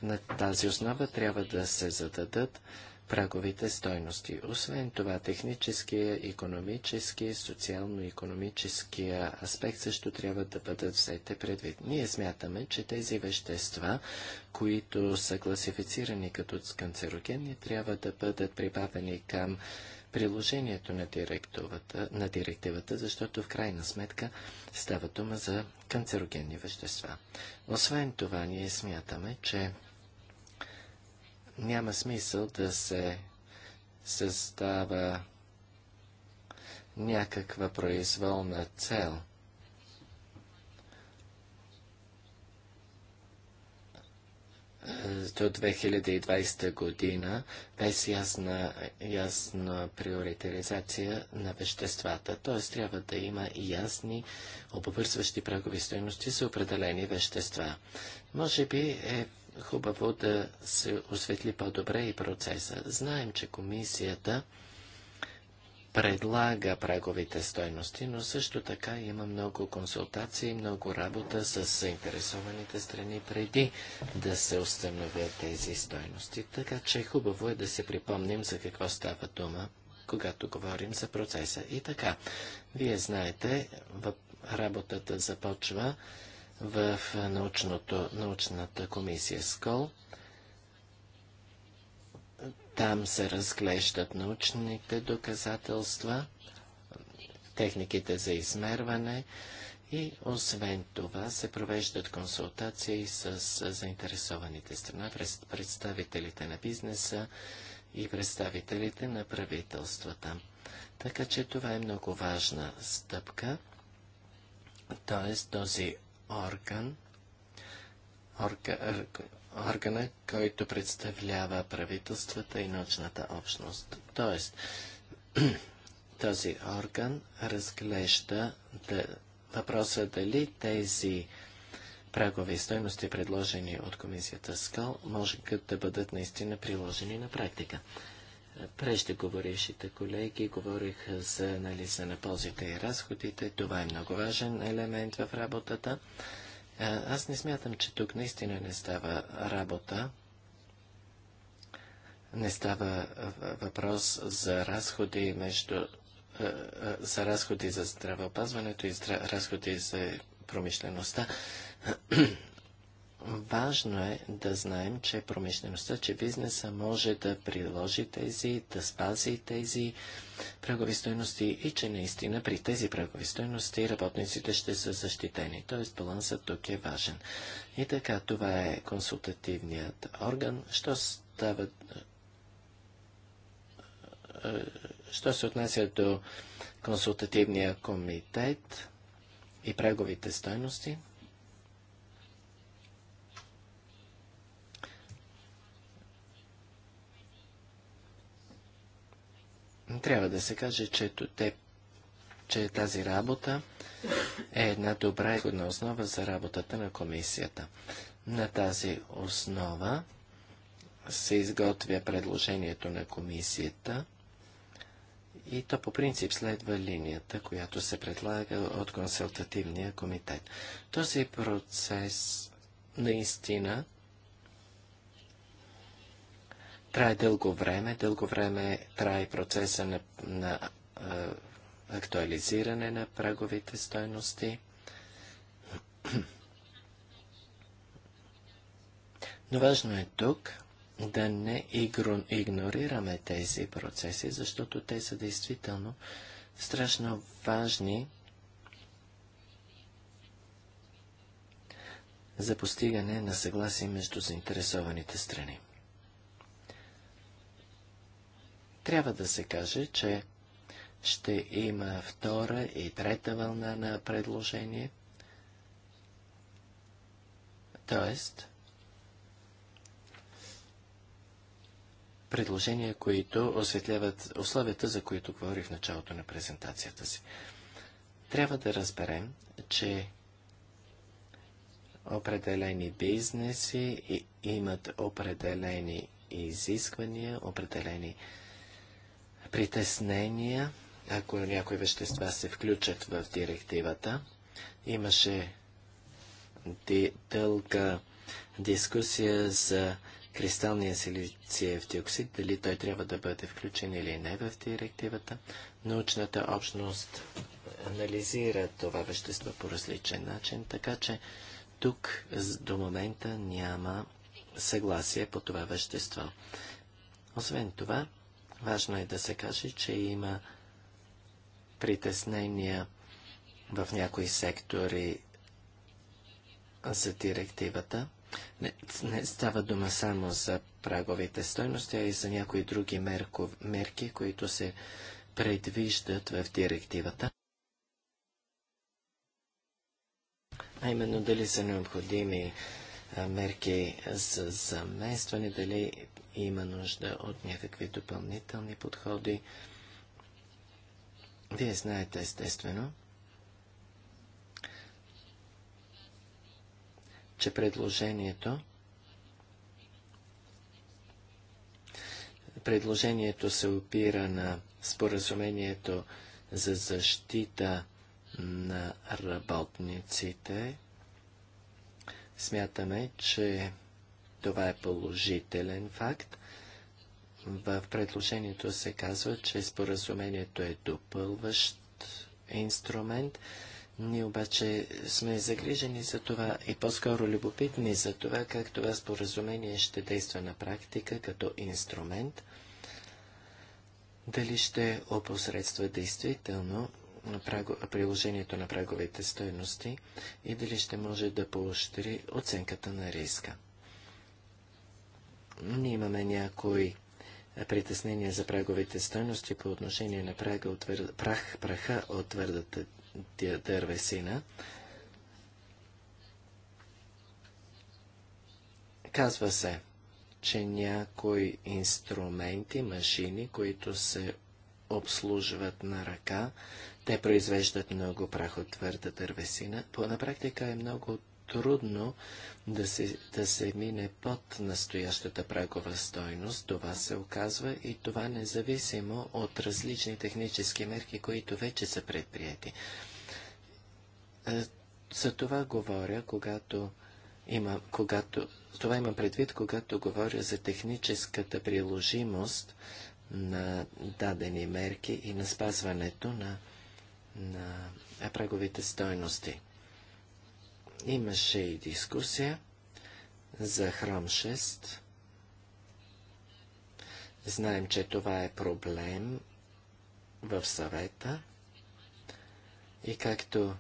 На тази основа трябва да се зададат праговите стойности. Освен това, техническия, економически, социално-економическия аспект също трябва да бъдат взете предвид. Ние смятаме, че тези вещества, които са класифицирани като канцерогенни, трябва да бъдат прибавени към приложението на директивата, на директивата, защото в крайна сметка става дума за канцерогенни вещества. Освен това, ние смятаме, че няма смисъл да се създава някаква произволна цел. До 2020 година без ясна, ясна приоритеризация на веществата. Т.е. трябва да има ясни обвързващи прагови стоености за определени вещества. Може би е хубаво да се осветли по-добре и процеса. Знаем, че комисията предлага праговите стойности, но също така има много консултации, много работа с заинтересованите страни преди да се установят тези стойности. Така че хубаво е да се припомним за какво става дума, когато говорим за процеса. И така, вие знаете, работата започва в научното, научната комисия СКОЛ. Там се разглеждат научните доказателства, техниките за измерване и освен това се провеждат консултации с заинтересованите страна, представителите на бизнеса и представителите на правителствата. Така че това е много важна стъпка. Т.е. този орган, органа, който представлява правителствата и научната общност. Тоест, този орган разглежда да, въпроса дали тези прагови стойности, предложени от комисията СКАЛ, може да бъдат наистина приложени на практика. Преждеговорившите колеги говориха за анализа на ползите и разходите. Това е много важен елемент в работата. Аз не смятам, че тук наистина не става работа. Не става въпрос за разходи между за разходи за здравеопазването и разходи за промишлеността. Важно е да знаем, че промишлеността, че бизнеса може да приложи тези, да спази тези прагови стоености и че наистина при тези прагови стоености работниците ще са защитени. Тоест балансът тук е важен. И така, това е консултативният орган. Що става... Е, що се отнася до консултативния комитет и праговите стоености? Трябва да се каже, че, те, че тази работа е една добра и годна основа за работата на комисията. На тази основа се изготвя предложението на комисията и то по принцип следва линията, която се предлага от консултативния комитет. Този процес наистина Трае дълго време, дълго време трае процеса на, на а, актуализиране на праговите стойности. Но важно е тук да не игнорираме тези процеси, защото те са действително страшно важни за постигане на съгласие между заинтересованите страни. трябва да се каже, че ще има втора и трета вълна на предложение. Т.е. предложения, които осветляват условията, за които говорих в началото на презентацията си. Трябва да разберем, че определени бизнеси имат определени изисквания, определени притеснения, ако някои вещества се включат в директивата. Имаше дълга дискусия за кристалния силициев диоксид, дали той трябва да бъде включен или не в директивата. Научната общност анализира това вещество по различен начин, така че тук до момента няма съгласие по това вещество. Освен това, Важно е да се каже, че има притеснения в някои сектори за директивата. Не, не става дума само за праговите стойности, а и за някои други мерков, мерки, които се предвиждат в директивата. А именно дали са необходими мерки за заместване, дали има нужда от някакви допълнителни подходи. Вие знаете, естествено, че предложението предложението се опира на споразумението за защита на работниците. Смятаме, че това е положителен факт. В предложението се казва, че споразумението е допълващ инструмент. Ние обаче сме загрижени за това и по-скоро любопитни за това, как това споразумение ще действа на практика като инструмент. Дали ще опосредства действително приложението на праговите стоености и дали ще може да поощри оценката на риска. Ние имаме някои притеснения за праговите стойности по отношение на прага от твър... прах, праха от твърдата дървесина. Казва се, че някои инструменти, машини, които се обслужват на ръка, те произвеждат много прах от твърда дървесина. По на практика е много трудно да се, да се мине под настоящата прагова стойност. Това се оказва и това независимо от различни технически мерки, които вече са предприяти. Е, за това говоря, когато има, когато, това имам предвид, когато говоря за техническата приложимост на дадени мерки и на спазването на, на праговите стойности. Имаше и дискусия за храм 6. Знаем, че това е проблем в съвета. И както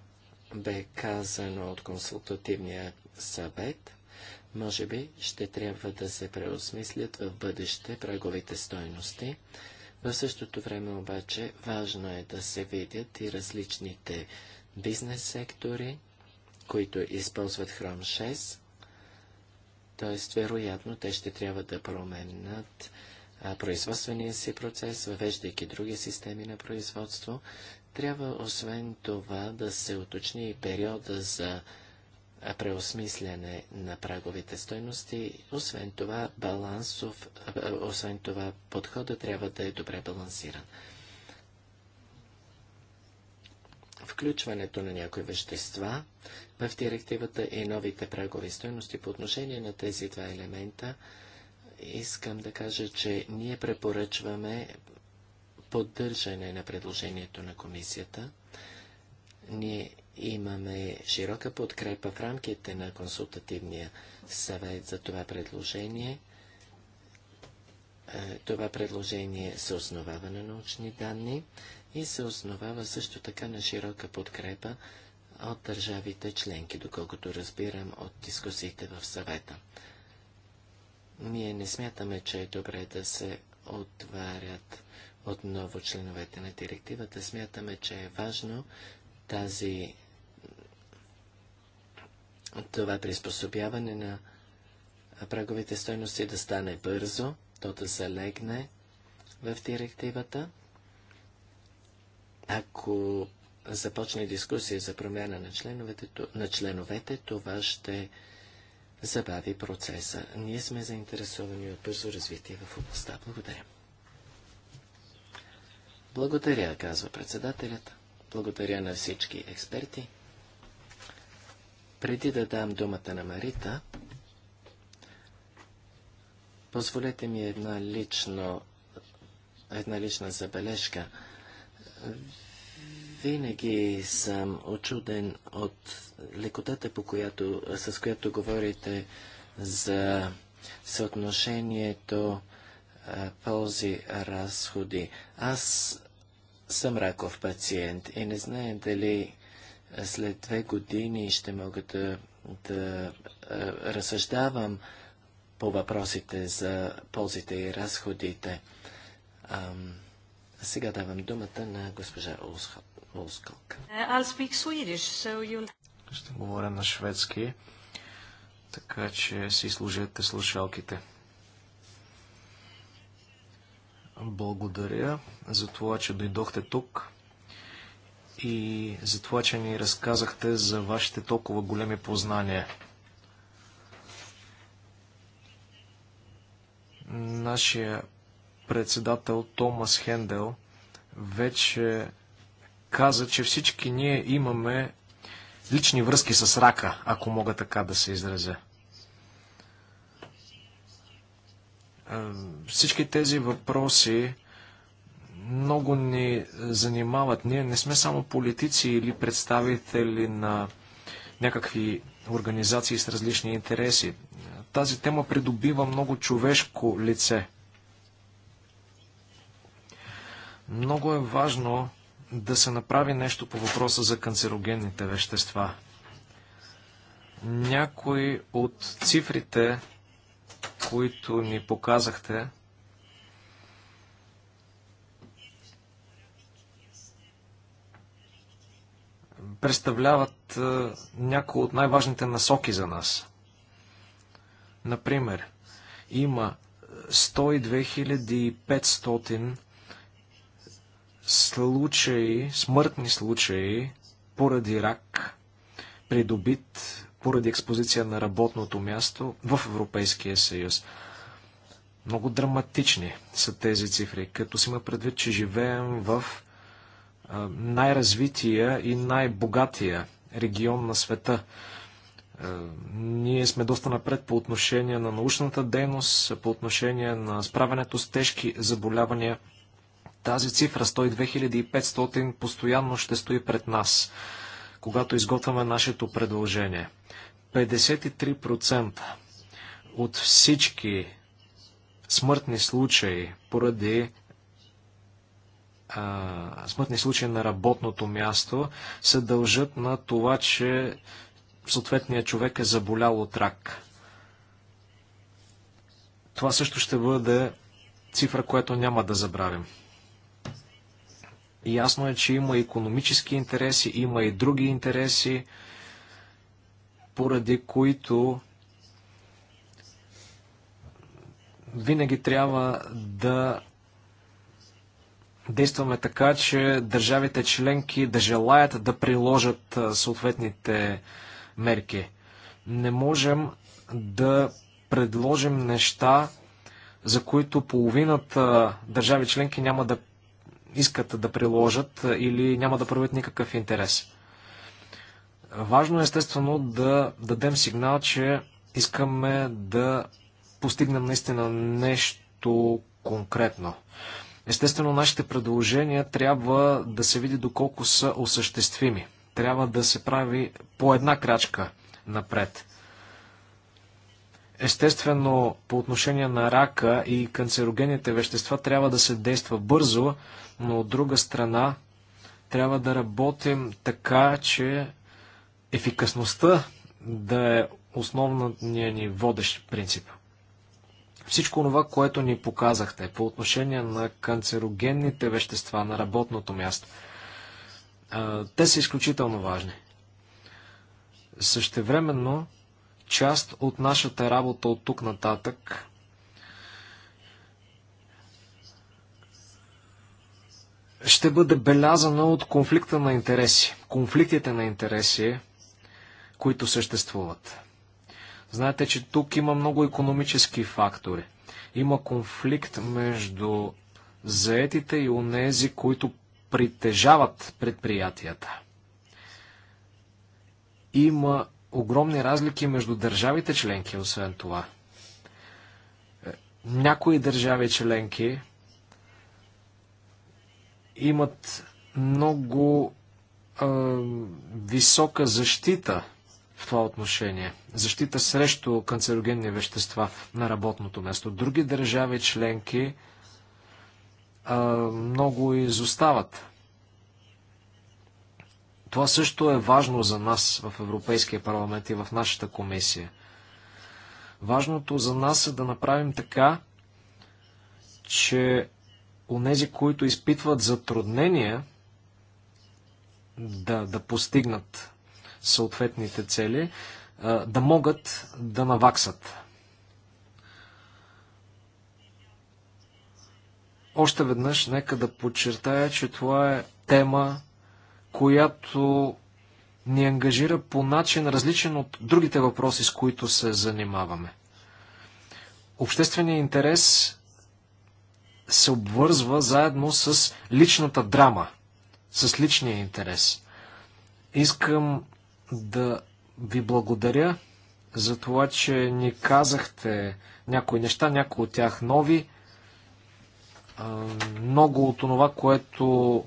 бе казано от консултативния съвет, може би ще трябва да се преосмислят в бъдеще праговите стойности. В същото време обаче важно е да се видят и различните бизнес сектори, които използват хром 6, т.е. вероятно те ще трябва да променят производствения си процес, въвеждайки други системи на производство. Трябва освен това да се уточни и периода за преосмисляне на праговите стойности. Освен това, балансов, освен това, подходът трябва да е добре балансиран. включването на някои вещества в директивата и новите прагови стоености по отношение на тези два елемента, искам да кажа, че ние препоръчваме поддържане на предложението на комисията. Ние имаме широка подкрепа в рамките на консултативния съвет за това предложение. Е, това предложение се основава на научни данни и се основава също така на широка подкрепа от държавите членки, доколкото разбирам от дискусиите в съвета. Ние не смятаме, че е добре да се отварят отново членовете на директивата. Смятаме, че е важно тази това приспособяване на праговите стойности да стане бързо, то да залегне в директивата. Ако започне дискусия за промяна на членовете, на членовете това ще забави процеса. Ние сме заинтересовани от бързо развитие в областта. Благодаря. Благодаря, казва председателят. Благодаря на всички експерти. Преди да дам думата на Марита, позволете ми една, лично, една лична забележка – винаги съм очуден от лекотата, по която, с която говорите за съотношението ползи-разходи. Аз съм раков пациент и не знае дали след две години ще мога да, да разсъждавам по въпросите за ползите и разходите. Ам, сега давам думата на госпожа Олскок. Uh, Ще говоря на шведски, така че си служете слушалките. Благодаря за това, че дойдохте тук и за това, че ни разказахте за вашите толкова големи познания. Нашия председател Томас Хендел вече каза, че всички ние имаме лични връзки с рака, ако мога така да се изразя. Е, всички тези въпроси много ни занимават. Ние не сме само политици или представители на някакви организации с различни интереси. Тази тема придобива много човешко лице. Много е важно да се направи нещо по въпроса за канцерогенните вещества. Някои от цифрите, които ни показахте, представляват е, някои от най-важните насоки за нас. Например, има 102 500 случаи, смъртни случаи поради рак, придобит поради експозиция на работното място в Европейския съюз. Много драматични са тези цифри, като си има предвид, че живеем в най-развития и най-богатия регион на света. Ние сме доста напред по отношение на научната дейност, по отношение на справянето с тежки заболявания. Тази цифра 102 500 постоянно ще стои пред нас, когато изготвяме нашето предложение. 53% от всички смъртни случаи поради а, смъртни случаи на работното място се дължат на това, че съответният човек е заболял от рак. Това също ще бъде цифра, която няма да забравим. Ясно е, че има економически интереси, има и други интереси, поради които винаги трябва да действаме така, че държавите членки да желаят да приложат съответните мерки. Не можем да предложим неща, за които половината държави членки няма да искат да приложат или няма да проявят никакъв интерес. Важно е естествено да дадем сигнал, че искаме да постигнем наистина нещо конкретно. Естествено, нашите предложения трябва да се види доколко са осъществими. Трябва да се прави по една крачка напред. Естествено, по отношение на рака и канцерогенните вещества трябва да се действа бързо, но от друга страна трябва да работим така, че ефикасността да е основният ни водещ принцип. Всичко това, което ни показахте по отношение на канцерогенните вещества на работното място, те са изключително важни. Същевременно, част от нашата работа от тук нататък. ще бъде белязана от конфликта на интереси, конфликтите на интереси, които съществуват. Знаете, че тук има много економически фактори. Има конфликт между заетите и онези, които притежават предприятията. Има огромни разлики между държавите членки, освен това. Е, някои държави членки имат много е, висока защита в това отношение. Защита срещу канцерогенни вещества на работното място. Други държави членки е, много изостават това също е важно за нас в Европейския парламент и в нашата комисия. Важното за нас е да направим така, че онези, които изпитват затруднения да, да постигнат съответните цели, да могат да наваксат. Още веднъж нека да подчертая, че това е тема която ни ангажира по начин различен от другите въпроси, с които се занимаваме. Общественият интерес се обвързва заедно с личната драма, с личния интерес. Искам да ви благодаря за това, че ни казахте някои неща, някои от тях нови. Много от това, което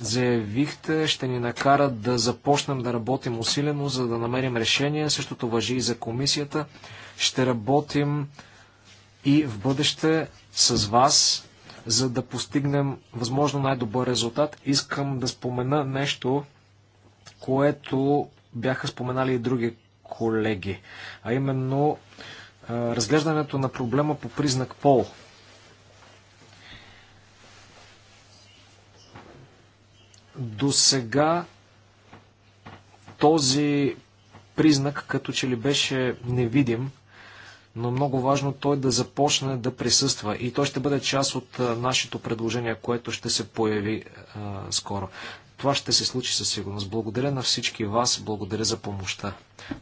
заявихте, ще ни накарат да започнем да работим усилено, за да намерим решение. Същото въжи и за комисията. Ще работим и в бъдеще с вас, за да постигнем възможно най-добър резултат. Искам да спомена нещо, което бяха споменали и други колеги, а именно разглеждането на проблема по признак пол – До сега този признак като че ли беше невидим, но много важно той да започне да присъства и той ще бъде част от нашето предложение, което ще се появи а, скоро. Това ще се случи със сигурност. Благодаря на всички вас, благодаря за помощта.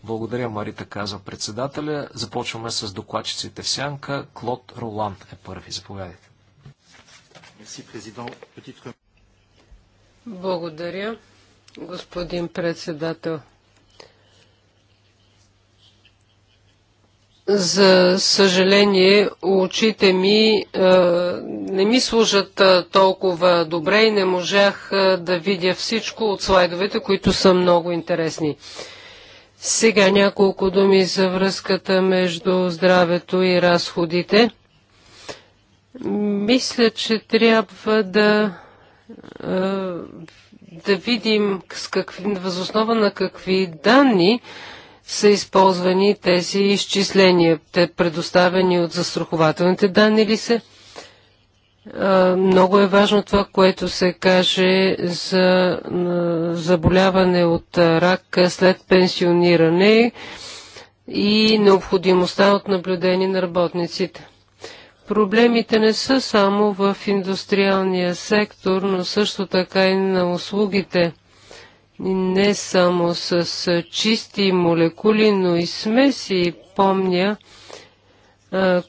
Благодаря, Марита, казва председателя. Започваме с докладчиците в сянка. Клод Роланд е първи. Заповядайте. Merci, благодаря, господин председател. За съжаление, очите ми е, не ми служат е, толкова добре и не можах е, да видя всичко от слайдовете, които са много интересни. Сега няколко думи за връзката между здравето и разходите. Мисля, че трябва да е, да видим с какви, възоснова на какви данни са използвани тези изчисления, те предоставени от застрахователните данни ли са? Е, много е важно това, което се каже за е, заболяване от рак след пенсиониране и необходимостта от наблюдение на работниците. Проблемите не са само в индустриалния сектор, но също така и на услугите. Не само с чисти молекули, но и смеси. Помня,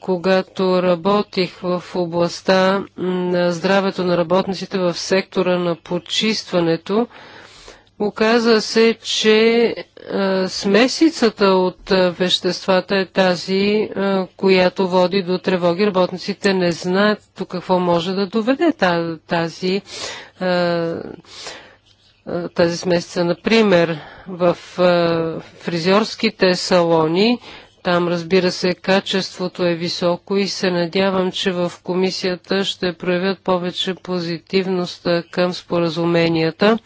когато работих в областта на здравето на работниците в сектора на почистването, оказа се, че е, смесицата от е, веществата е тази, е, която води до тревоги. Работниците не знаят до какво може да доведе тази, тази смесица. Например, в фризьорските салони там, разбира се, качеството е високо и се надявам, че в комисията ще проявят повече позитивност към споразуменията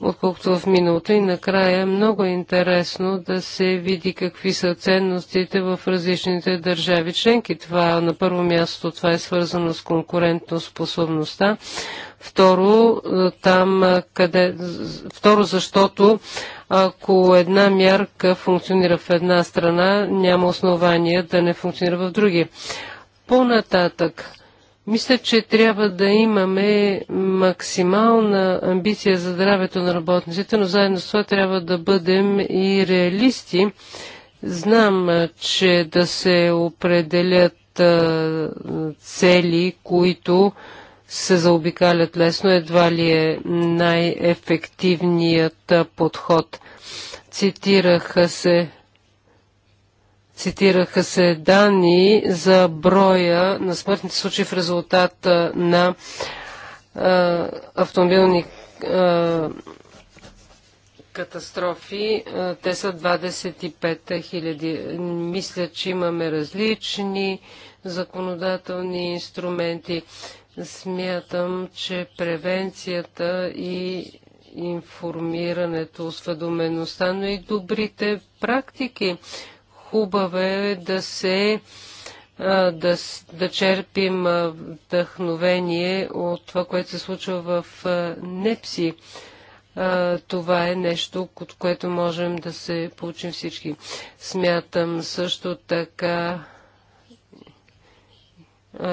отколкото в миналото. И накрая много е интересно да се види какви са ценностите в различните държави членки. Това на първо място това е свързано с конкурентно способността. Второ, е, там, е, къде, второ, защото ако една мярка функционира в една страна, няма основания да не функционира в други. По-нататък, мисля, че трябва да имаме максимална амбиция за здравето на работниците, но заедно с това трябва да бъдем и реалисти. Знам, че да се определят цели, които се заобикалят лесно, едва ли е най-ефективният подход. Цитираха се Цитираха се данни за броя на смъртните случаи в резултат на автомобилни катастрофи. Те са 25 хиляди. Мисля, че имаме различни законодателни инструменти. Смятам, че превенцията и информирането, осведомеността, но и добрите практики Хубаво е да се да, да черпим вдъхновение от това, което се случва в Непси. Това е нещо, от което можем да се получим всички. Смятам също така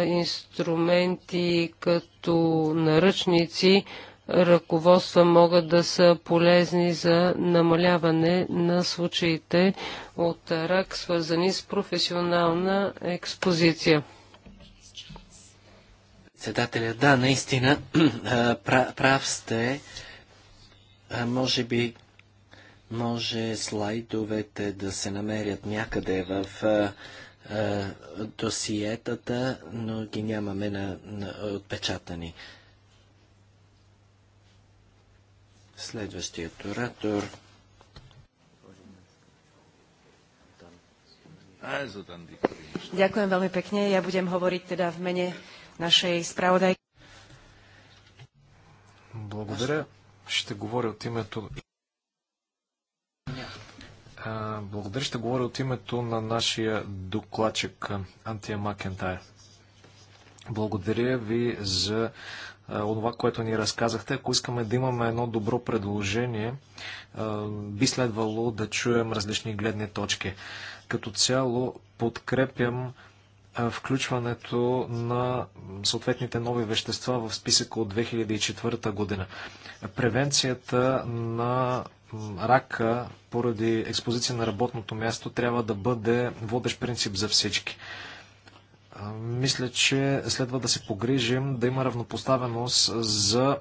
инструменти като наръчници, ръководства могат да са полезни за намаляване на случаите от рак, свързани с професионална експозиция. Председателя, да, наистина, прав сте. Може би, може слайдовете да се намерят някъде в досиетата, но ги нямаме на, на отпечатани. Следващият оратор. Ďakujem veľmi pekne. Ja budem hovoriť teda v mene našej spravodaj. Благодаря. Ще говоря от името благодаря. Ще говоря от името на нашия докладчик Антия Макентайр. Благодаря ви за е, онова, което ни разказахте. Ако искаме да имаме едно добро предложение, е, би следвало да чуем различни гледни точки. Като цяло подкрепям е, включването на съответните нови вещества в списъка от 2004 година. Превенцията на рака поради експозиция на работното място трябва да бъде водещ принцип за всички. Мисля, че следва да се погрижим да има равнопоставеност за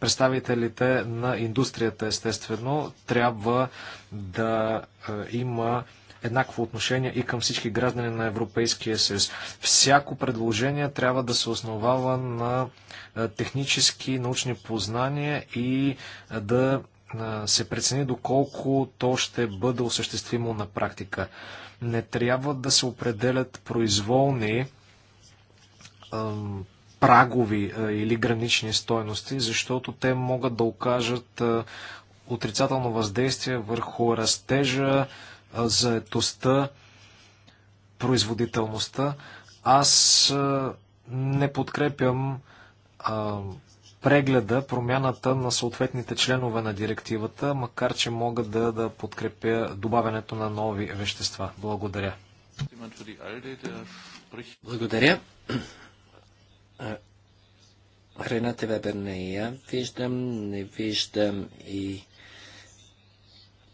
представителите на индустрията, естествено. Трябва да има еднакво отношение и към всички граждани на Европейския съюз. Всяко предложение трябва да се основава на технически научни познания и да се прецени доколко то ще бъде осъществимо на практика. Не трябва да се определят произволни прагови или гранични стойности, защото те могат да окажат отрицателно въздействие върху растежа, заетостта, производителността. Аз не подкрепям прегледа промяната на съответните членове на директивата, макар че мога да, да подкрепя добавянето на нови вещества. Благодаря. Благодаря. Рената Вебер не я виждам, не виждам и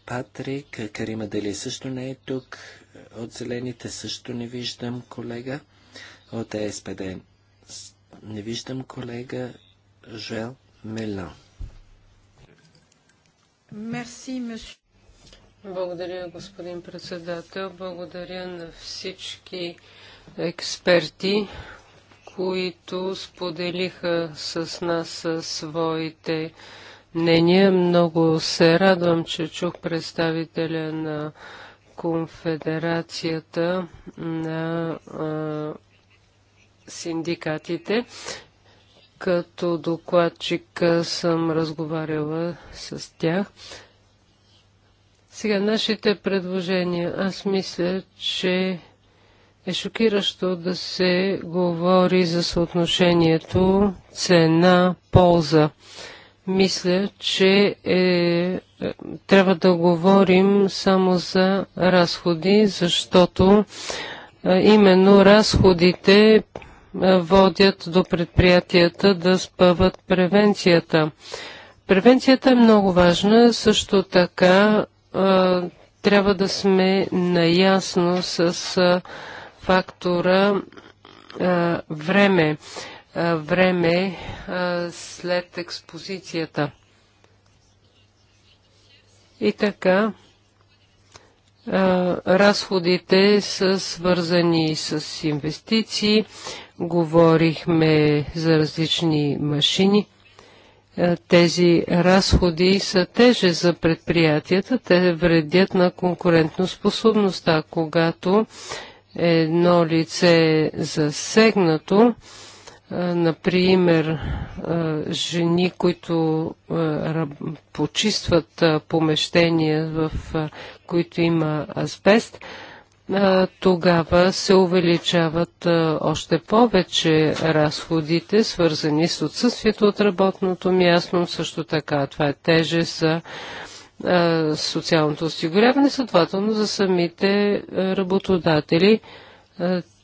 Патрик, Карима Дели също не е тук, от зелените също не виждам колега, от ЕСПД не виждам колега, Жел Мелан. Мерси, Благодаря, господин председател. Благодаря на всички експерти, които споделиха с нас своите мнения. Много се радвам, че чух представителя на Конфедерацията на а, синдикатите. Като докладчик съм разговаряла с тях. Сега, нашите предложения. Аз мисля, че е шокиращо да се говори за съотношението цена-полза. Мисля, че е, е трябва да говорим само за разходи, защото именно разходите е, водят до предприятията да спъват превенцията. Превенцията е много важна, също така е, трябва да сме наясно с е, фактора време. време след експозицията. И така, разходите са свързани с инвестиции, Говорихме за различни машини. Е, тези разходи са теже за предприятията. Те вредят на способността. Когато едно лице е засегнато, е, например, е, жени, които почистват помещения, в които има асбест, тогава се увеличават още повече разходите, свързани с отсъствието от работното място. Също така това е теже за социалното осигуряване, следователно за самите работодатели.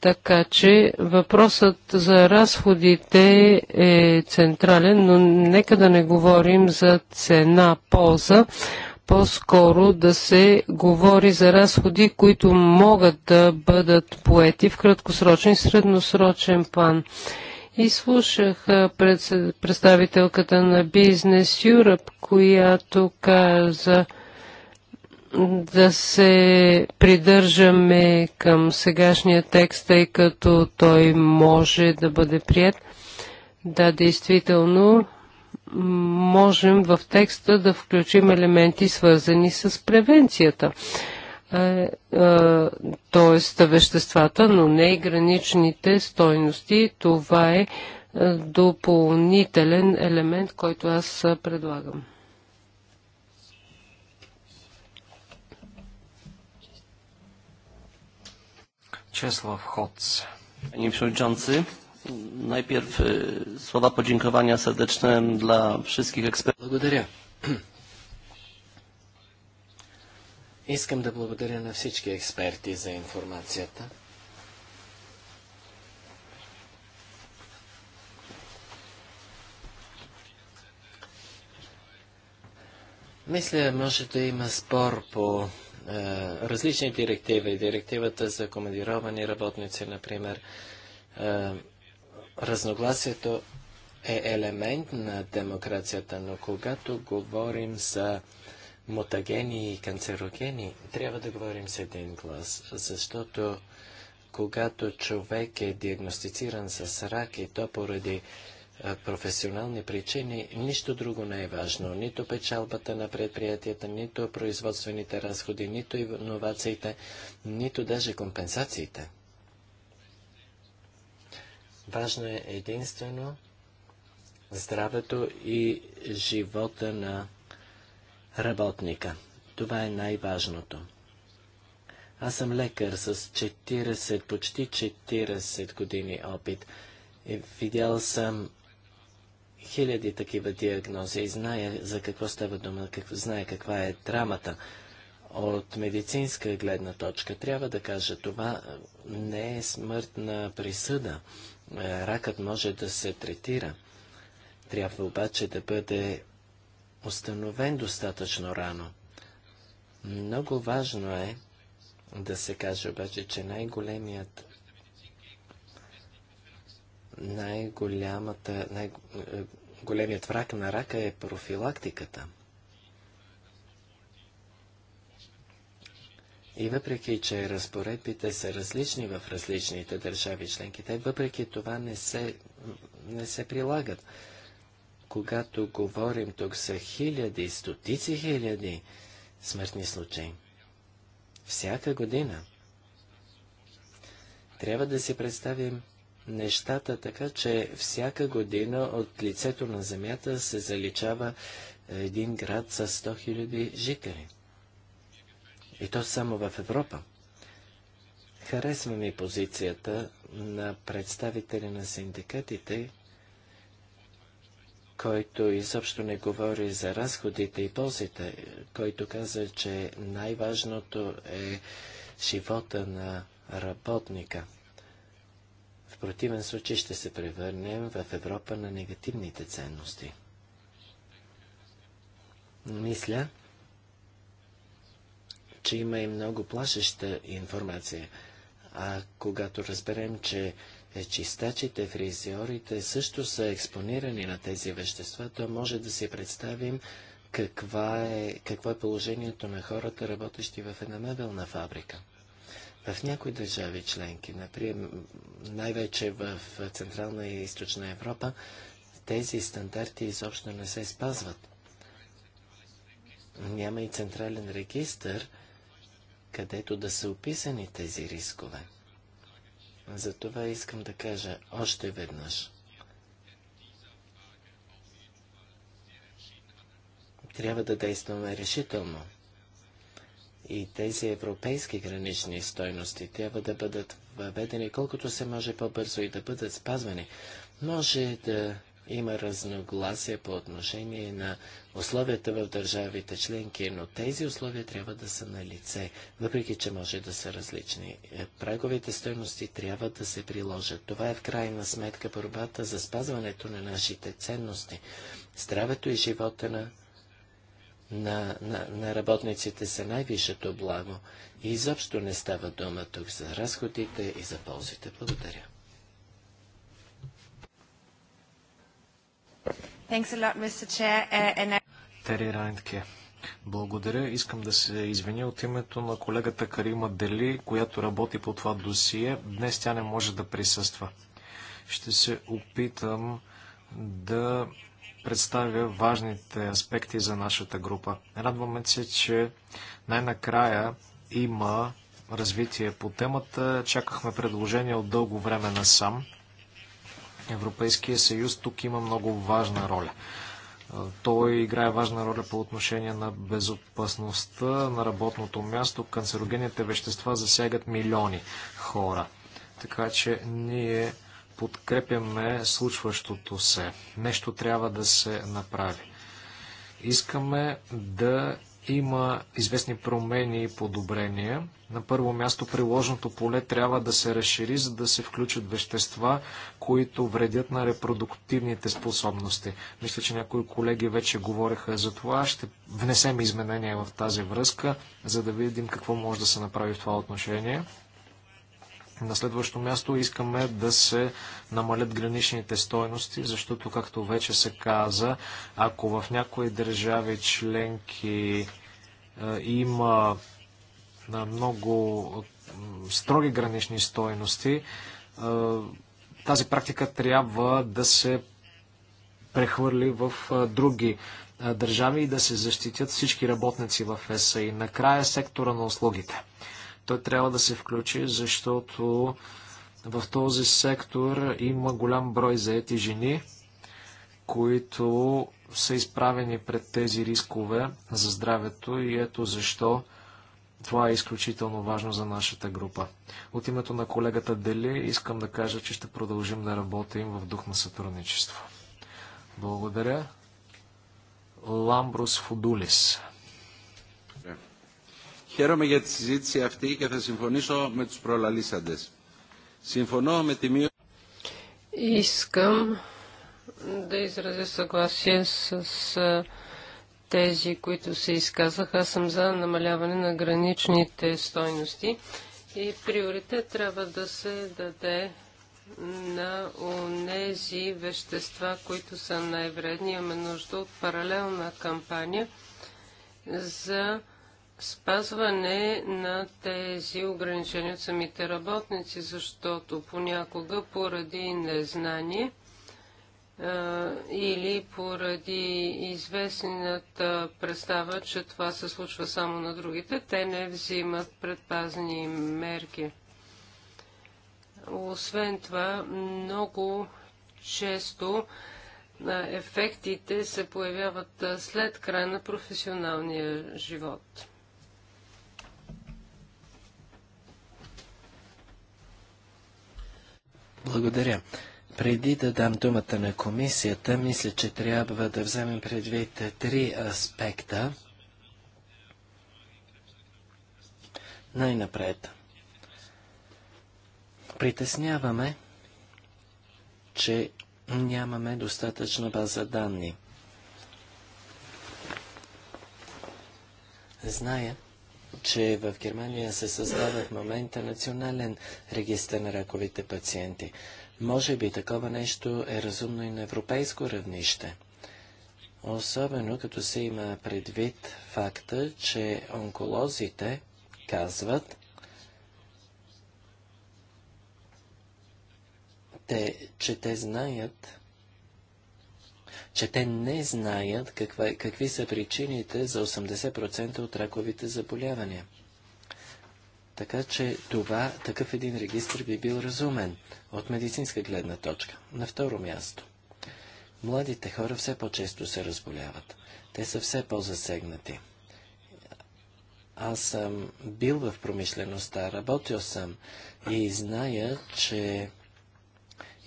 Така че въпросът за разходите е централен, но нека да не говорим за цена-полза, по-скоро да се говори за разходи, които могат да бъдат поети в краткосрочен и средносрочен план. И слушах представителката на Business Europe, която каза да се придържаме към сегашния текст, тъй като той може да бъде прият. Да, действително, можем в текста да включим елементи, свързани с превенцията. Т.е. Е, веществата, но не и граничните стойности. Това е, е допълнителен елемент, който аз е, предлагам. Чеслав Хоц. Пanie Przewodniczący, Najpierw e, słowa podziękowania serdeczne dla wszystkich ekspertów. Благодаря. Искам да благодаря на всички експерти за информацията. Мисля, може да има спор по е, различни директиви. Директивата за командировани работници, например, е, разногласието е елемент на демокрацията, но когато говорим за мутагени и канцерогени, трябва да говорим с един глас, защото когато човек е диагностициран с рак и то поради професионални причини, нищо друго не е важно. Нито печалбата на предприятията, нито производствените разходи, нито иновациите, нито даже компенсациите. Важно е единствено здравето и живота на работника. Това е най-важното. Аз съм лекар с 40, почти 40 години опит. и е, Видял съм хиляди такива диагнози и зная за какво става дума, как, зная каква е драмата. От медицинска гледна точка трябва да кажа, това не е смъртна присъда. Е, ракът може да се третира. Трябва обаче да бъде установен достатъчно рано. Много важно е да се каже обаче, че най-големият най-голямата, най-големият е, враг на рака е профилактиката. И въпреки, че разпоредбите са различни в различните държави членки, те въпреки това не се, не се прилагат. Когато говорим тук са хиляди, стотици хиляди смъртни случаи. Всяка година. Трябва да си представим нещата така, че всяка година от лицето на земята се заличава един град с 100 хиляди жители. И то само в Европа. Харесва ми позицията на представители на синдикатите, който изобщо не говори за разходите и ползите, който каза, че най-важното е живота на работника. В противен случай ще се превърнем в Европа на негативните ценности. Мисля, че има и много плашеща информация. А когато разберем, че е чистачите, фризиорите също са експонирани на тези вещества, то може да си представим каква е, какво е положението на хората, работещи в една мебелна фабрика. В някои държави членки, например, най-вече в Централна и Източна Европа, тези стандарти изобщо не се спазват. Няма и централен регистр където да са описани тези рискове. Затова искам да кажа още веднъж. Трябва да действаме решително. И тези европейски гранични стойности трябва да бъдат въведени колкото се може по-бързо и да бъдат спазвани. Може да има разногласия по отношение на условията в държавите членки, но тези условия трябва да са на лице, въпреки че може да са различни. Е, праговите стоености трябва да се приложат. Това е в крайна сметка борбата за спазването на нашите ценности. Здравето и живота на на, на, на работниците са най-висшето благо и изобщо не става дума тук за разходите и за ползите. Благодаря. Uh, Тери Райнтке. Благодаря. Искам да се извиня от името на колегата Карима Дели, която работи по това досие. Днес тя не може да присъства. Ще се опитам да представя важните аспекти за нашата група. Радваме се, че най-накрая има развитие по темата. Чакахме предложение от дълго време насам. Европейския съюз тук има много важна роля. Той играе важна роля по отношение на безопасността на работното място. Канцерогенните вещества засягат милиони хора. Така че ние подкрепяме случващото се. Нещо трябва да се направи. Искаме да има известни промени и подобрения. На първо място приложното поле трябва да се разшири, за да се включат вещества, които вредят на репродуктивните способности. Мисля, че някои колеги вече говореха за това. Ще внесем изменения в тази връзка, за да видим какво може да се направи в това отношение. На следващо място искаме да се намалят граничните стойности, защото, както вече се каза, ако в някои държави членки е, има на е, много строги гранични стоености. Е, тази практика трябва да се прехвърли в други държави и да се защитят всички работници в ЕСА. И накрая сектора на услугите. Той трябва да се включи, защото в този сектор има голям брой заети жени, които са изправени пред тези рискове за здравето и ето защо това е изключително важно за нашата група. От името на колегата Дели искам да кажа, че ще продължим да работим в дух на сътрудничество. Благодаря. Ламброс Фудулис. Χαίρομαι για τη συζήτηση αυτή και θα συμφωνήσω με τους προλαλήσαντες. Συμφωνώ με τη μείωση... Искам да изразя съгласие с, с тези, които се изказаха. Аз съм за намаляване на граничните стойности и приоритет трябва да се даде на онези вещества, които са най-вредни. Имаме нужда от паралелна кампания за спазване на тези ограничения от самите работници, защото понякога поради незнание или поради известната представа, че това се случва само на другите, те не взимат предпазни мерки. Освен това, много често ефектите се появяват след края на професионалния живот. Благодаря. Преди да дам думата на комисията, мисля, че трябва да вземем предвид три аспекта. Най-напред. Притесняваме, че нямаме достатъчна база данни. Зная, че в Германия се създава в момента национален регистр на раковите пациенти. Може би такова нещо е разумно и на европейско равнище. Особено като се има предвид факта, че онколозите казват, те, че те знаят, че те не знаят каква, какви са причините за 80% от раковите заболявания. Така че това, такъв един регистр би бил разумен от медицинска гледна точка. На второ място. Младите хора все по-често се разболяват. Те са все по-засегнати. Аз съм бил в промишлеността, работил съм и зная, че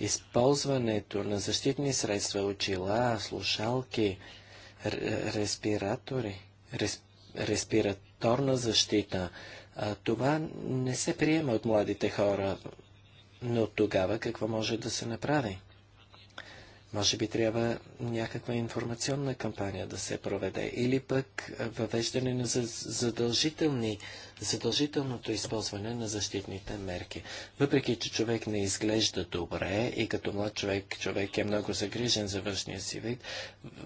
използването на защитни средства, очила, слушалки, респиратори, респ... респираторна защита, това не се приема от младите хора, но тогава какво може да се направи? Може би трябва някаква информационна кампания да се проведе или пък въвеждане на задължителни, задължителното използване на защитните мерки. Въпреки, че човек не изглежда добре и като млад човек, човек е много загрижен за външния си вид,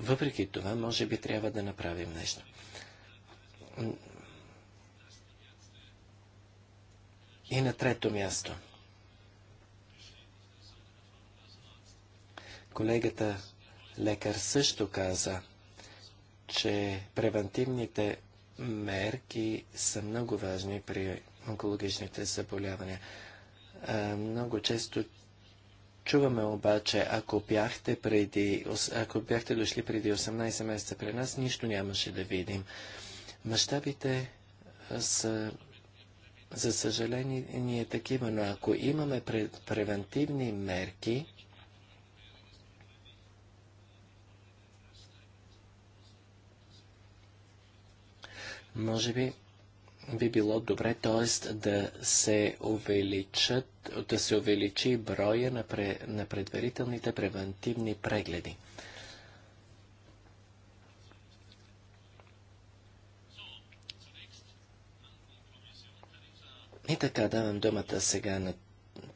въпреки това, може би трябва да направим нещо. И на трето място. Колегата лекар също каза, че превентивните мерки са много важни при онкологичните заболявания. Много често чуваме обаче, ако бяхте, преди, ако бяхте дошли преди 18 месеца при нас, нищо нямаше да видим. Мащабите са за съжаление ние такива, но ако имаме превентивни мерки, може би би било добре, т.е. да се увеличат, да се увеличи броя на, пре, на предварителните превентивни прегледи. И така, давам думата сега на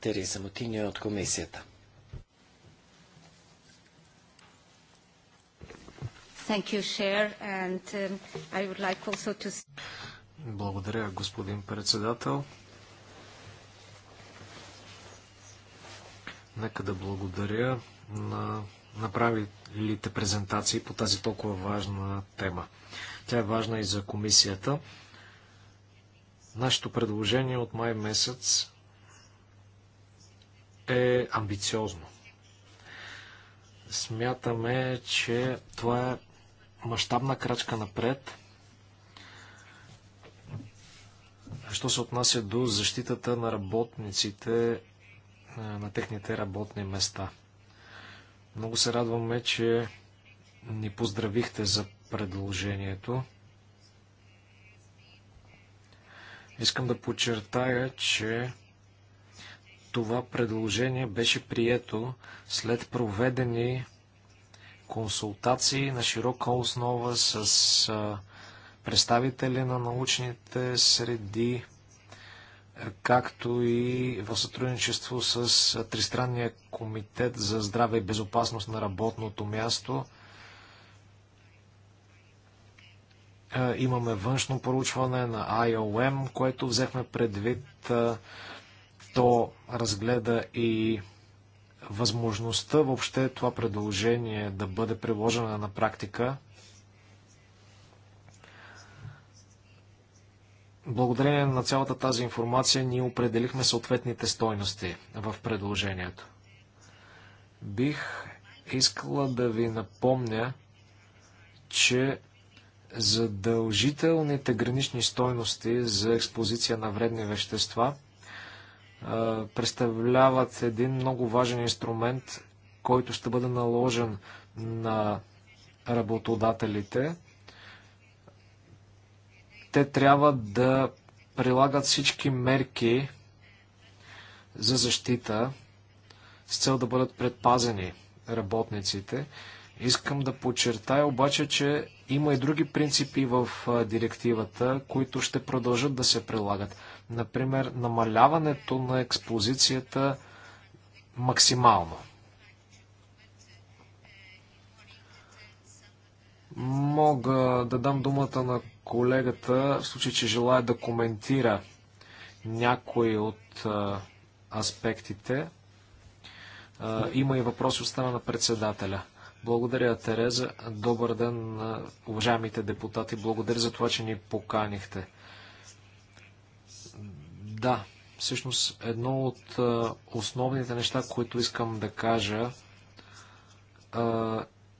Тереза Мотиньо от комисията. Thank you, Chair, and um, I would like also to... Благодаря, господин председател. Нека да благодаря на направилите презентации по тази толкова важна тема. Тя е важна и за комисията. Нашето предложение от май месец е амбициозно. Смятаме, че това е мащабна крачка напред – що се отнася до защитата на работниците, е, на техните работни места. Много се радваме, че ни поздравихте за предложението. Искам да подчертая, че това предложение беше прието след проведени консултации на широка основа с представители на научните среди, както и в сътрудничество с Тристранния комитет за здраве и безопасност на работното място – Е, имаме външно проучване на IOM, което взехме предвид. Е, то разгледа и възможността въобще това предложение да бъде приложено на практика. Благодарение на цялата тази информация ние определихме съответните стойности в предложението. Бих искала да ви напомня, че задължителните гранични стойности за експозиция на вредни вещества представляват един много важен инструмент, който ще бъде наложен на работодателите. Те трябва да прилагат всички мерки за защита с цел да бъдат предпазени работниците. Искам да подчертая обаче, че има и други принципи в директивата, които ще продължат да се прилагат. Например, намаляването на експозицията максимално. Мога да дам думата на колегата, в случай, че желая да коментира някои от аспектите. има и въпрос от страна на председателя. Благодаря, Тереза. Добър ден на уважаемите депутати. Благодаря за това, че ни поканихте. Да, всъщност едно от основните неща, които искам да кажа,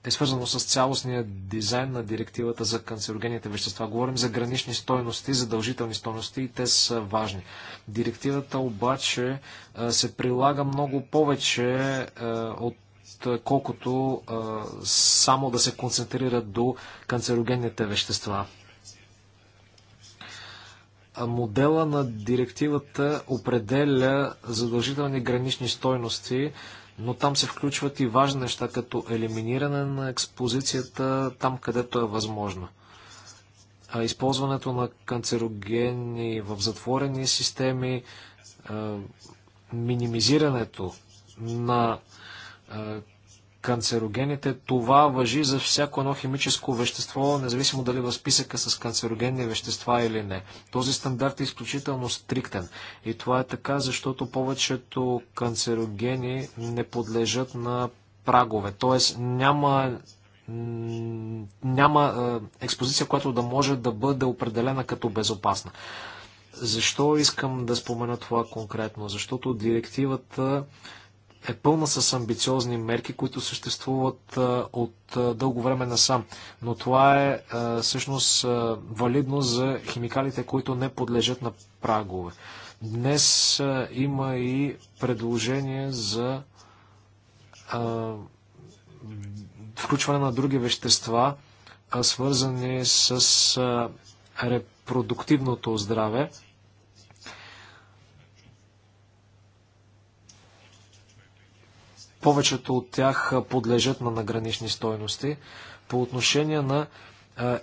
е свързано с цялостния дизайн на директивата за канцерогените вещества. Говорим за гранични стойности, задължителни стойности и те са важни. Директивата обаче се прилага много повече от колкото само да се концентрират до канцерогенните вещества. Модела на директивата определя задължителни гранични стойности, но там се включват и важни неща, като елиминиране на експозицията там, където е възможно. А използването на канцерогени в затворени системи, минимизирането на канцерогените. Това въжи за всяко едно химическо вещество, независимо дали в списъка с канцерогенни вещества или не. Този стандарт е изключително стриктен. И това е така, защото повечето канцерогени не подлежат на прагове. Тоест няма няма експозиция, която да може да бъде определена като безопасна. Защо искам да спомена това конкретно? Защото директивата е пълна с амбициозни мерки, които съществуват от дълго време насам. Но това е всъщност валидно за химикалите, които не подлежат на прагове. Днес има и предложение за включване на други вещества, свързани с репродуктивното здраве. Повечето от тях подлежат на награнични стойности. По отношение на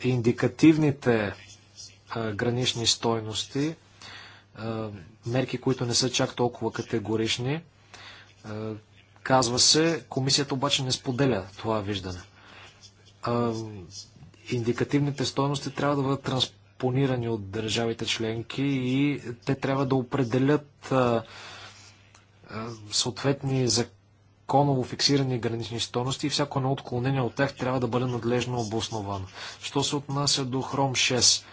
индикативните гранични стойности, мерки, които не са чак толкова категорични, казва се, комисията обаче не споделя това виждане. Индикативните стойности трябва да бъдат транспонирани от държавите членки и те трябва да определят съответни закони законово фиксирани гранични стойности и всяко едно отклонение от тях трябва да бъде надлежно обосновано. Що се отнася до Хром 6?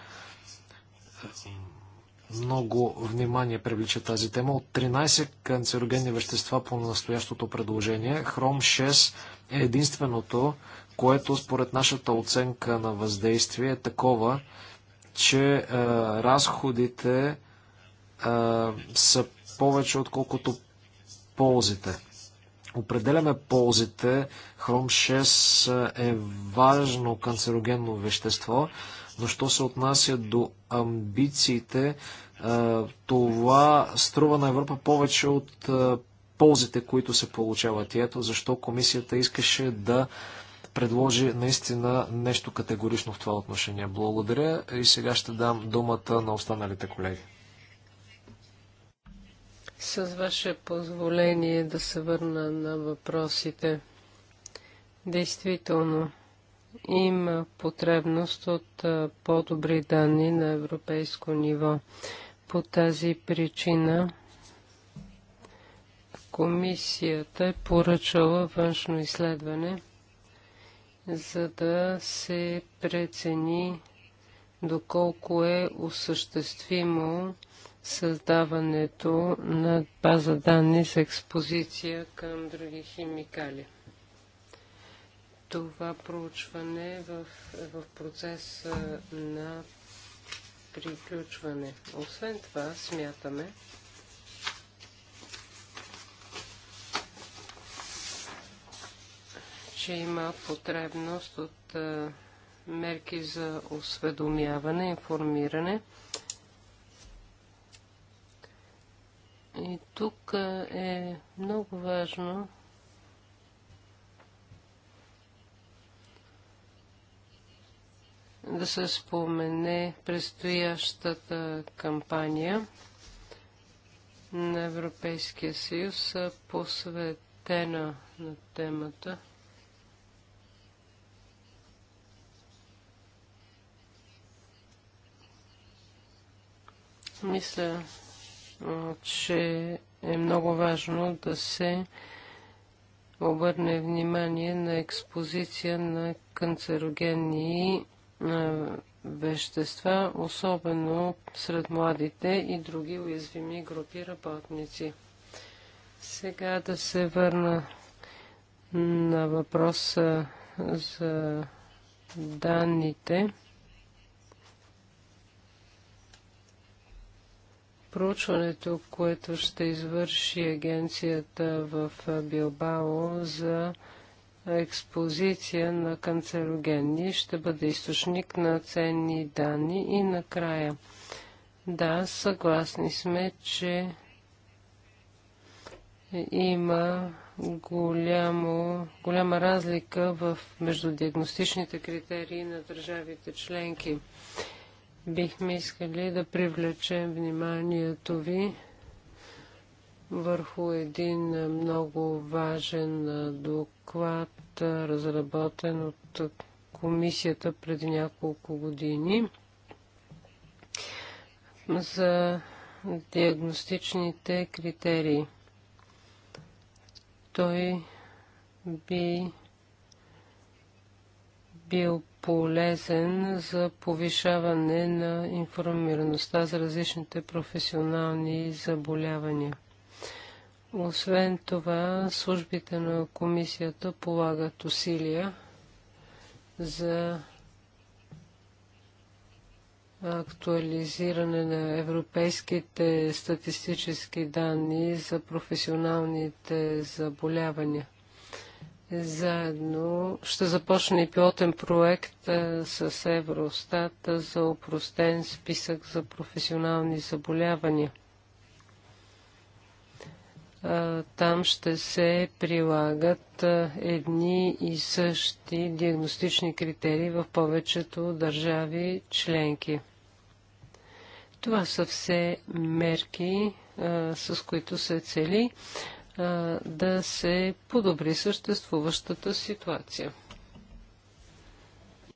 Много внимание привлича тази тема. От 13 канцерогенни вещества по настоящото предложение, Хром 6 е единственото, което според нашата оценка на въздействие е такова, че е, разходите е, са повече, отколкото ползите определяме ползите. Хром 6 е важно канцерогенно вещество, но що се отнася до амбициите, е, това струва на Европа повече от е, ползите, които се получават. И ето защо комисията искаше да предложи наистина нещо категорично в това отношение. Благодаря и сега ще дам думата на останалите колеги. С ваше позволение да се върна на въпросите. Действително, има потребност от по-добри данни на европейско ниво. По тази причина комисията е поръчала външно изследване, за да се прецени доколко е осъществимо създаването на база данни с експозиция към други химикали. Това проучване в, в процес на приключване. Освен това, смятаме, че има потребност от мерки за осведомяване, информиране, И тук е, е много важно да се спомене предстоящата кампания на Европейския съюз, е, посветена на темата. Мисля, че е много важно да се обърне внимание на експозиция на канцерогенни вещества, особено сред младите и други уязвими групи работници. Сега да се върна на въпроса за данните. проучването, което ще извърши агенцията в Билбао за експозиция на канцерогенни, ще бъде източник на ценни данни и накрая. Да, съгласни сме, че има голямо, голяма разлика в между диагностичните критерии на държавите членки. Бихме искали да привлечем вниманието ви върху един много важен доклад, разработен от комисията преди няколко години за диагностичните критерии. Той би бил полезен за повишаване на информираността за различните професионални заболявания. Освен това, службите на комисията полагат усилия за актуализиране на европейските статистически данни за професионалните заболявания. Заедно ще започне и пилотен проект а, е, с Евростат за упростен списък за професионални заболявания. А, е, там ще се прилагат а, е, едни и същи диагностични критерии в повечето държави членки. Това са все мерки, с които се цели да се подобри съществуващата ситуация.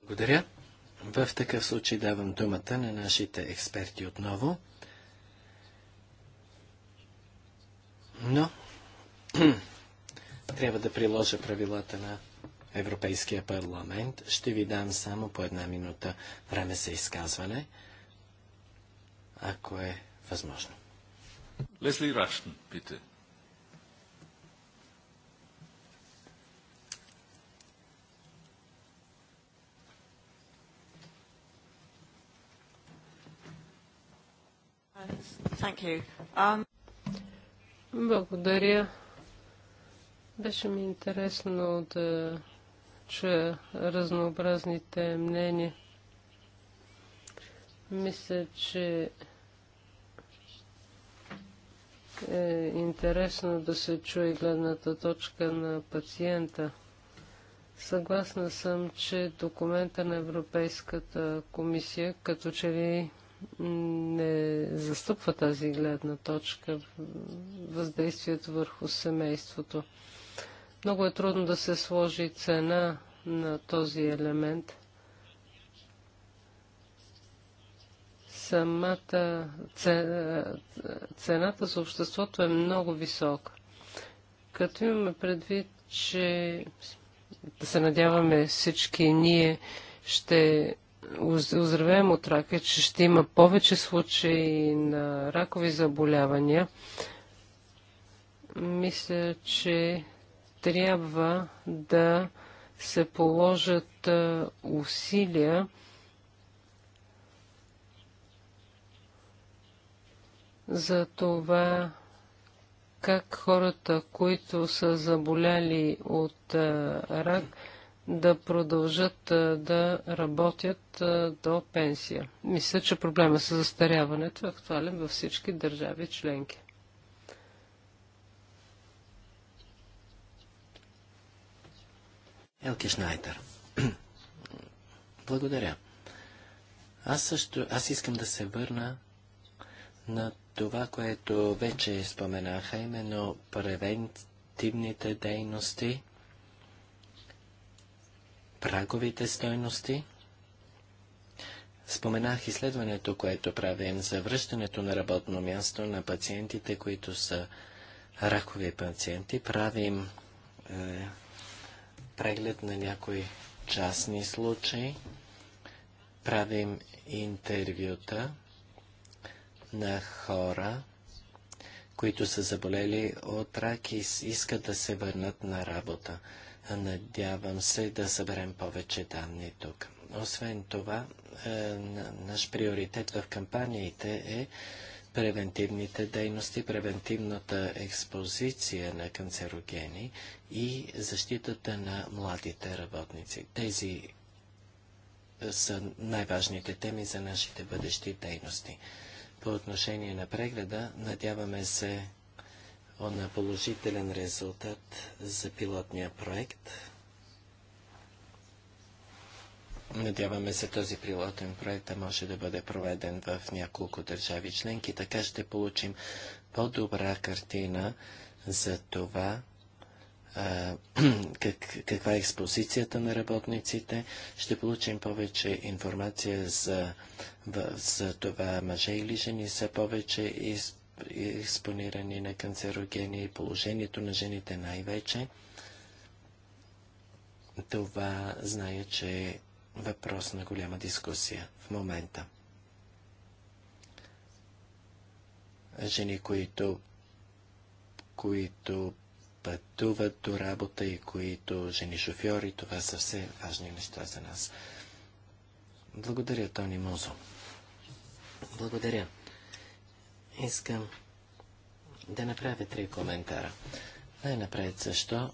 Благодаря. В такъв случай давам думата на нашите експерти отново. Но трябва да приложа правилата на Европейския парламент. Ще ви дам само по една минута време за изказване, ако е възможно. Лесли Рашн, пите. Um... Благодаря. Беше ми интересно да чуя разнообразните мнения. Мисля, че е интересно да се чуе гледната точка на пациента. Съгласна съм, че документа на Европейската комисия като че ли не застъпва тази гледна точка, въздействието върху семейството. Много е трудно да се сложи цена на този елемент. Самата цената за обществото е много висока. Като имаме предвид, че да се надяваме всички ние ще оздравеем от рак е, че ще има повече случаи на ракови заболявания. Мисля, че трябва да се положат усилия за това как хората, които са заболяли от рак, да продължат да работят до пенсия. Мисля, че проблема с застаряването е актуален във всички държави членки. Елки Шнайдер. Благодаря. Аз също, аз искам да се върна на това, което вече споменаха, именно превентивните дейности праговите стойности. Споменах изследването, което правим за връщането на работно място на пациентите, които са ракови пациенти. Правим е, преглед на някои частни случаи. Правим интервюта на хора, които са заболели от рак и искат да се върнат на работа. Надявам се да съберем повече данни тук. Освен това, е, наш приоритет в кампаниите е превентивните дейности, превентивната експозиция на канцерогени и защитата на младите работници. Тези е, са най-важните теми за нашите бъдещи дейности. По отношение на прегледа, надяваме се на положителен резултат за пилотния проект. Надяваме се този пилотен проект да може да бъде проведен в няколко държави членки. Така ще получим по-добра картина за това, а, как, каква е експозицията на работниците. Ще получим повече информация за, за това мъже или жени са повече изпълнени експонирани на канцерогени и положението на жените най-вече. Това зная, че е въпрос на голяма дискусия в момента. Жени, които, които пътуват до работа и които жени шофьори, това са все важни неща за нас. Благодаря, Тони Музо. Благодаря. Искам да направя три коментара. Най-напред защо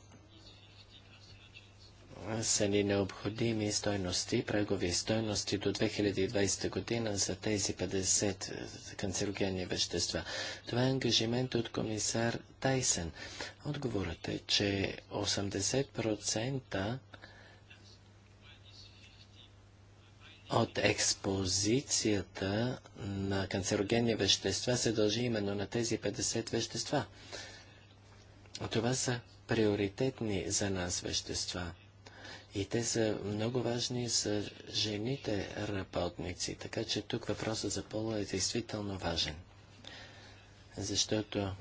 са ни необходими стойности, прагови стойности до 2020 година за тези 50 е, канцерогенни вещества. Това е ангажимент от комисар Тайсен. Отговорът е, че 80% от експозицията на канцерогенни вещества се дължи именно на тези 50 вещества. Това са приоритетни за нас вещества. И те са много важни за жените работници, така че тук въпросът за пола е действително важен. Защото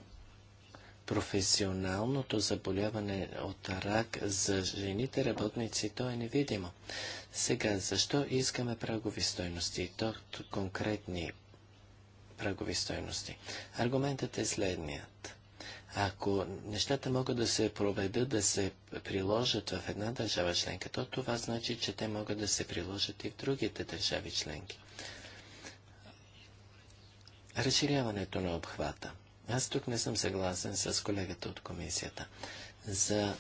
професионалното заболяване от рак за жените работници, то е невидимо. Сега, защо искаме прагови стойности? То конкретни прагови стойности. Аргументът е следният. Ако нещата могат да се проведат, да се приложат в една държава членка, то това значи, че те могат да се приложат и в другите държави членки. Разширяването на обхвата – аз тук не съм съгласен с колегата от комисията. За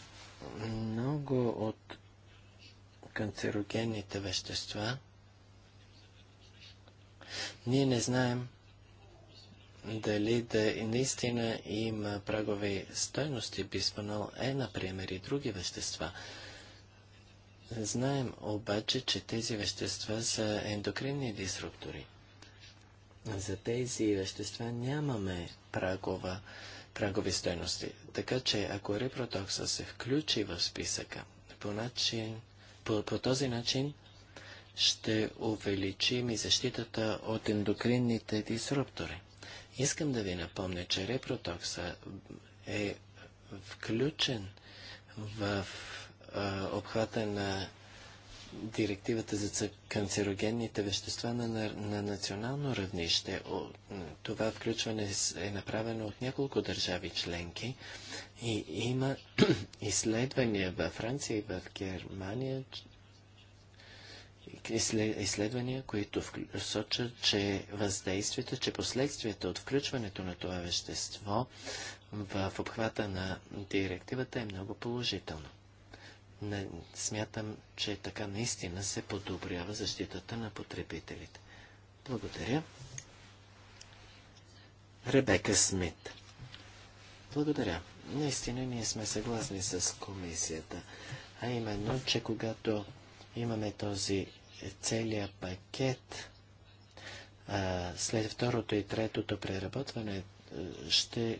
много от канцерогенните вещества ние не знаем дали да наистина има прагови стойности бисфенол Е, например, и други вещества. Знаем обаче, че тези вещества са ендокринни дисруптори. За тези вещества нямаме прагова, прагови стоености. Така че, ако репротокса се включи в списъка, по, начин, по, по този начин ще увеличим и защитата от ендокринните дисруптори. Искам да ви напомня, че репротокса е включен в а, обхвата на директивата за канцерогенните вещества на, на, на национално равнище. О, това включване е направено от няколко държави членки и има изследвания във Франция и в Германия, изследвания, които сочат, че въздействието, че последствията от включването на това вещество в обхвата на директивата е много положително не, смятам, че така наистина се подобрява защитата на потребителите. Благодаря. Ребека Смит. Благодаря. Наистина ние сме съгласни с комисията, а именно, че когато имаме този е, целият пакет, а, след второто и третото преработване е, ще е,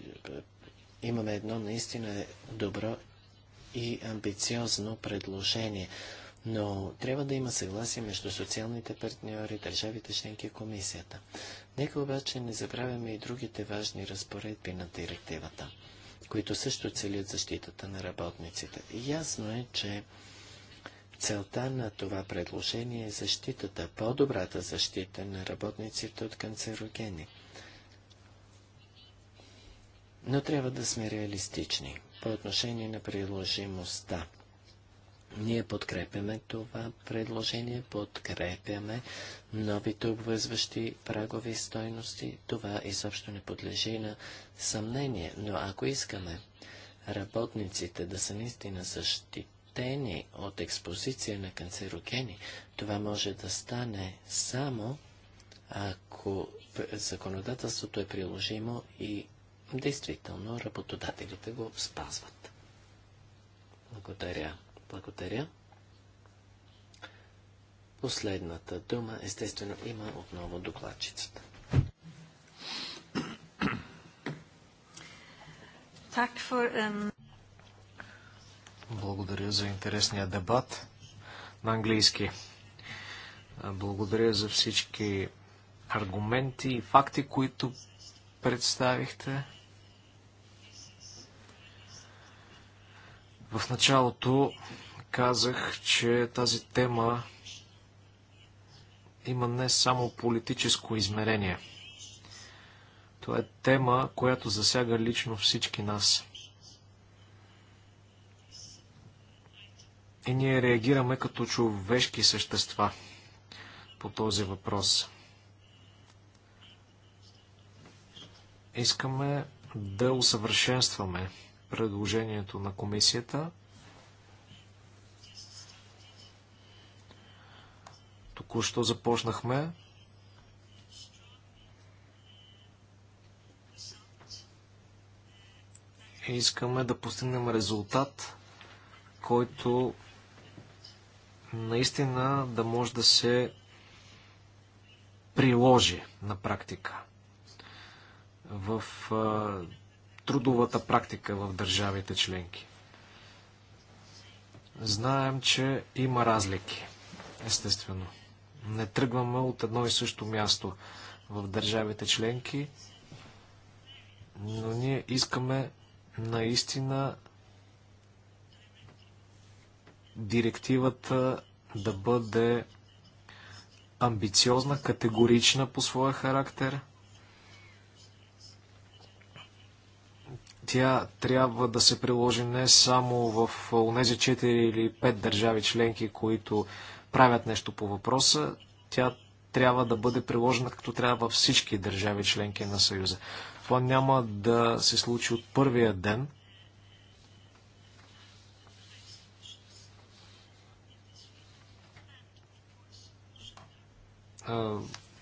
имаме едно наистина добро и амбициозно предложение. Но трябва да има съгласие между социалните партньори, държавите членки и комисията. Нека обаче не забравяме и другите важни разпоредби на директивата, които също целят защитата на работниците. И ясно е, че целта на това предложение е защитата, по-добрата защита на работниците от канцерогени. Но трябва да сме реалистични по отношение на приложимостта. Ние подкрепяме това предложение, подкрепяме новите обвързващи прагови стойности. Това изобщо не подлежи на съмнение, но ако искаме работниците да са наистина защитени от експозиция на канцерогени, това може да стане само ако законодателството е приложимо и действително работодателите го спазват. Благодаря. Благодаря. Последната дума, естествено, има отново докладчицата. Um, Благодаря за интересния дебат на английски. Благодаря за всички аргументи и факти, които представихте. В началото казах, че тази тема има не само политическо измерение. Това е тема, която засяга лично всички нас. И ние реагираме като човешки същества по този въпрос. Искаме да усъвършенстваме предложението на комисията. Току-що започнахме. И искаме да постигнем резултат, който наистина да може да се приложи на практика в трудовата практика в държавите членки. Знаем, че има разлики, естествено. Не тръгваме от едно и също място в държавите членки, но ние искаме наистина директивата да бъде амбициозна, категорична по своя характер – Тя трябва да се приложи не само в тези 4 или 5 държави членки, които правят нещо по въпроса. Тя трябва да бъде приложена като трябва във всички държави членки на Съюза. Това няма да се случи от първия ден.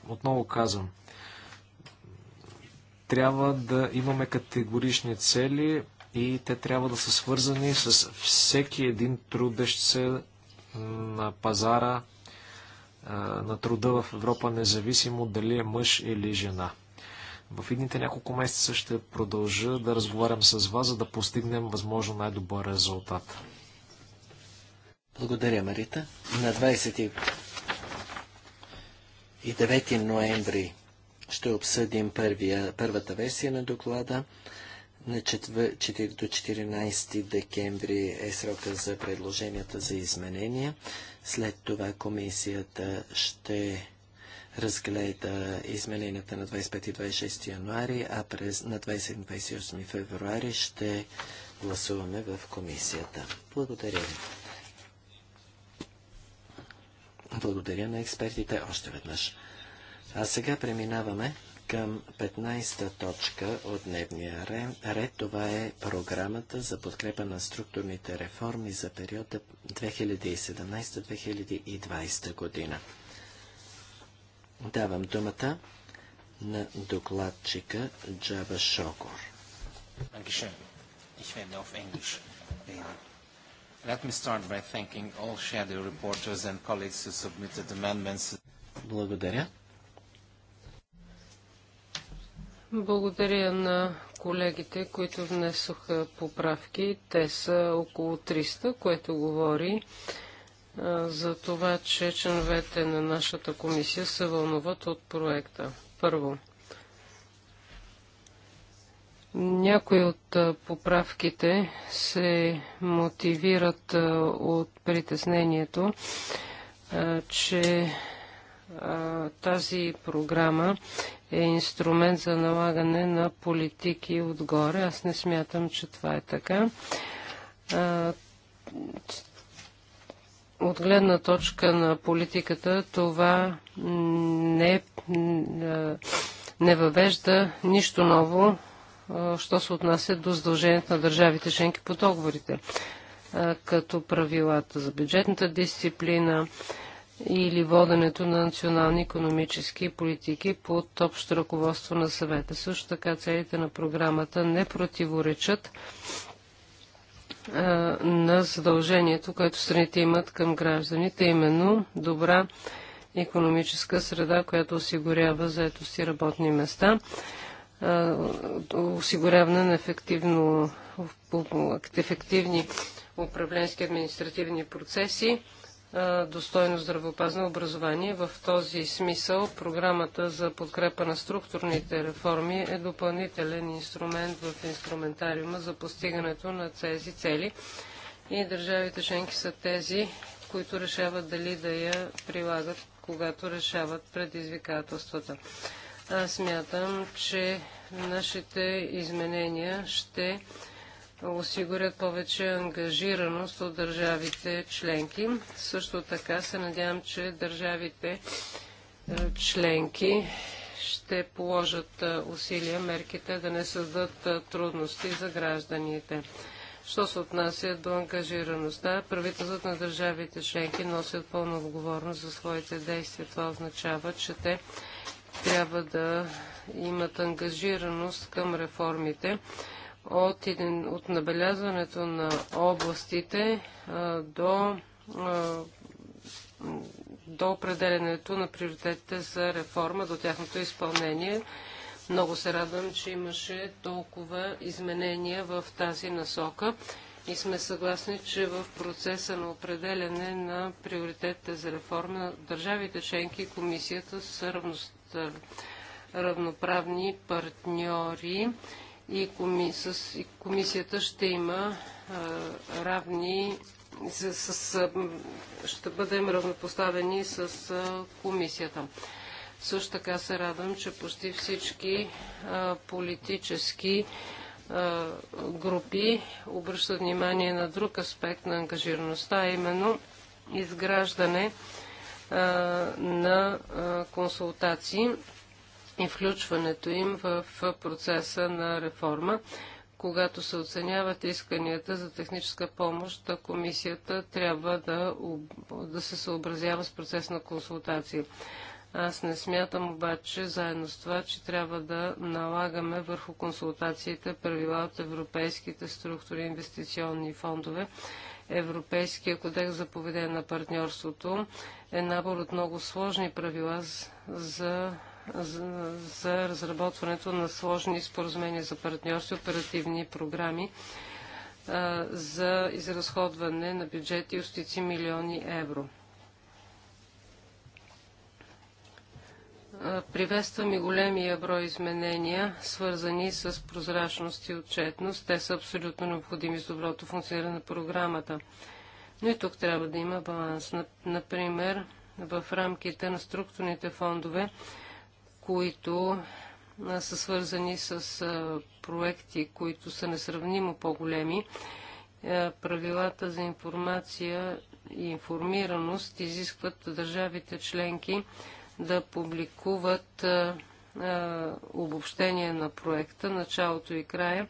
Отново казвам, трябва да имаме категорични цели и те трябва да са свързани с всеки един трудещ се на пазара на труда в Европа, независимо дали е мъж или жена. В идните няколко месеца ще продължа да разговарям с вас, за да постигнем възможно най-добър резултат. Благодаря, Марита. На 29 ноември ще обсъдим първия, първата версия на доклада. На 4, до 14 декември е срока за предложенията за изменения. След това комисията ще разгледа измененията на 25 и 26 януари, а през на 27-28 февруари ще гласуваме в комисията. Благодаря ви. Благодаря на експертите още веднъж. А сега преминаваме към 15-та точка от дневния ред. Това е програмата за подкрепа на структурните реформи за периода 2017-2020 година. Давам думата на докладчика Джаба Шокор. Let me start by thanking all shadow reporters and colleagues who submitted amendments. Благодаря. Благодаря на колегите, които внесоха поправки. Те са около 300, което говори за това, че членовете на нашата комисия се вълнуват от проекта. Първо, някои от поправките се мотивират от притеснението, че тази програма е инструмент за налагане на политики отгоре. Аз не смятам, че това е така. От гледна точка на политиката това не, не въвежда нищо ново, що се отнася до задължението на държавите членки по договорите, като правилата за бюджетната дисциплина, или воденето на национални економически политики под общо ръководство на съвета. Също така целите на програмата не противоречат на задължението, което страните имат към гражданите, именно добра економическа среда, която осигурява заетост и работни места, осигуряване на ефективно, ефективни управленски административни процеси, достойно здравеопазно образование. В този смисъл програмата за подкрепа на структурните реформи е допълнителен инструмент в инструментариума за постигането на тези цели. И държавите членки са тези, които решават дали да я прилагат, когато решават предизвикателствата. Аз смятам, че нашите изменения ще осигурят повече ангажираност от държавите членки. Също така се надявам, че държавите е, членки ще положат е, усилия мерките да не създадат е, трудности за гражданите. Що се отнася до ангажираността, правителството на държавите членки носят пълна отговорност за своите действия. Това означава, че те трябва да имат ангажираност към реформите, от, един, от набелязването на областите а, до, а, до определенето на приоритетите за реформа, до тяхното изпълнение. Много се радвам, че имаше толкова изменения в тази насока и сме съгласни, че в процеса на определене на приоритетите за реформа държавите членки и комисията са равност, равноправни партньори и комисията ще има равни с, ще бъдем равнопоставени с комисията. Също така се радвам, че почти всички политически групи обръщат внимание на друг аспект на ангажираността, а именно изграждане на консултации и включването им в процеса на реформа. Когато се оценяват исканията за техническа помощ, комисията трябва да, да се съобразява с процес на консултации. Аз не смятам обаче заедно с това, че трябва да налагаме върху консултациите правила от европейските структури и инвестиционни фондове. Европейския кодекс за поведение на партньорството е набор от много сложни правила за за разработването на сложни споразумения за партньорство, оперативни програми за изразходване на бюджети от стици милиони евро. Приветствам и големия брой изменения, свързани с прозрачност и отчетност. Те са абсолютно необходими с доброто функциониране на програмата. Но и тук трябва да има баланс. Например, в рамките на структурните фондове които са свързани с проекти, които са несравнимо по-големи. Правилата за информация и информираност изискват държавите членки да публикуват обобщение на проекта, началото и края.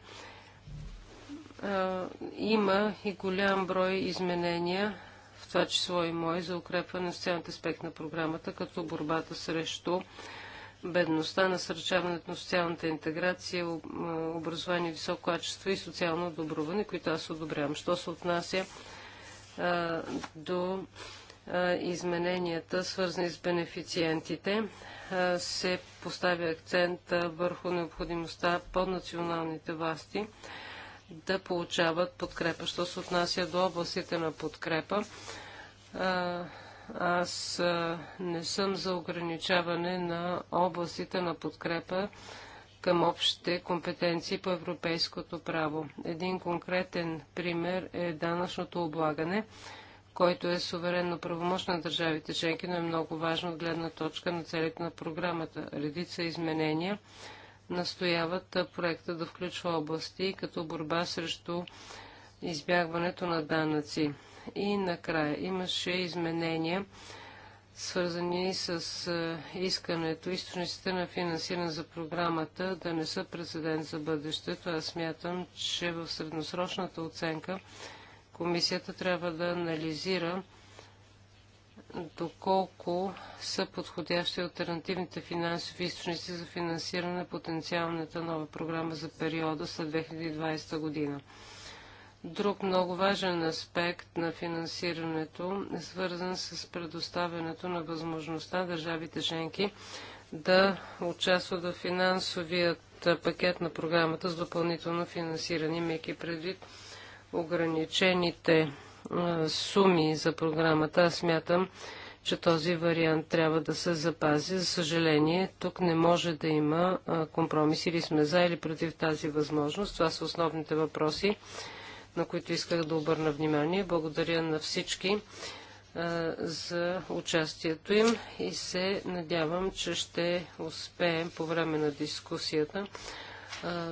Има и голям брой изменения, в това число и мое, за укрепване на социалните аспект на програмата, като борбата срещу бедността, насърчаването на социалната интеграция, образование, високо качество и социално доброване, които аз одобрявам. Що се отнася а, до а, измененията, свързани с бенефициентите, а, се поставя акцент върху необходимостта под националните власти да получават подкрепа. Що се отнася до областите на подкрепа, аз не съм за ограничаване на областите на подкрепа към общите компетенции по европейското право. Един конкретен пример е данъчното облагане, който е суверенно правомощ на държавите членки, но е много важно от гледна точка на целите на програмата. Редица изменения настояват проекта да включва области като борба срещу избягването на данъци. И накрая имаше изменения, свързани с е, искането източниците на финансиране за програмата да не са прецедент за бъдещето. Аз смятам, че в средносрочната оценка комисията трябва да анализира доколко са подходящи альтернативните финансови източници за финансиране на потенциалната нова програма за периода след 2020 година. Друг много важен аспект на финансирането е свързан с предоставянето на възможността държавите женки да участват в финансовият пакет на програмата с допълнително финансиране, имайки предвид ограничените суми за програмата. Аз смятам, че този вариант трябва да се запази. За съжаление, тук не може да има компромиси, компромис или сме за или против тази възможност. Това са основните въпроси, на които исках да обърна внимание. Благодаря на всички за участието им и се надявам, че ще успеем по време на дискусията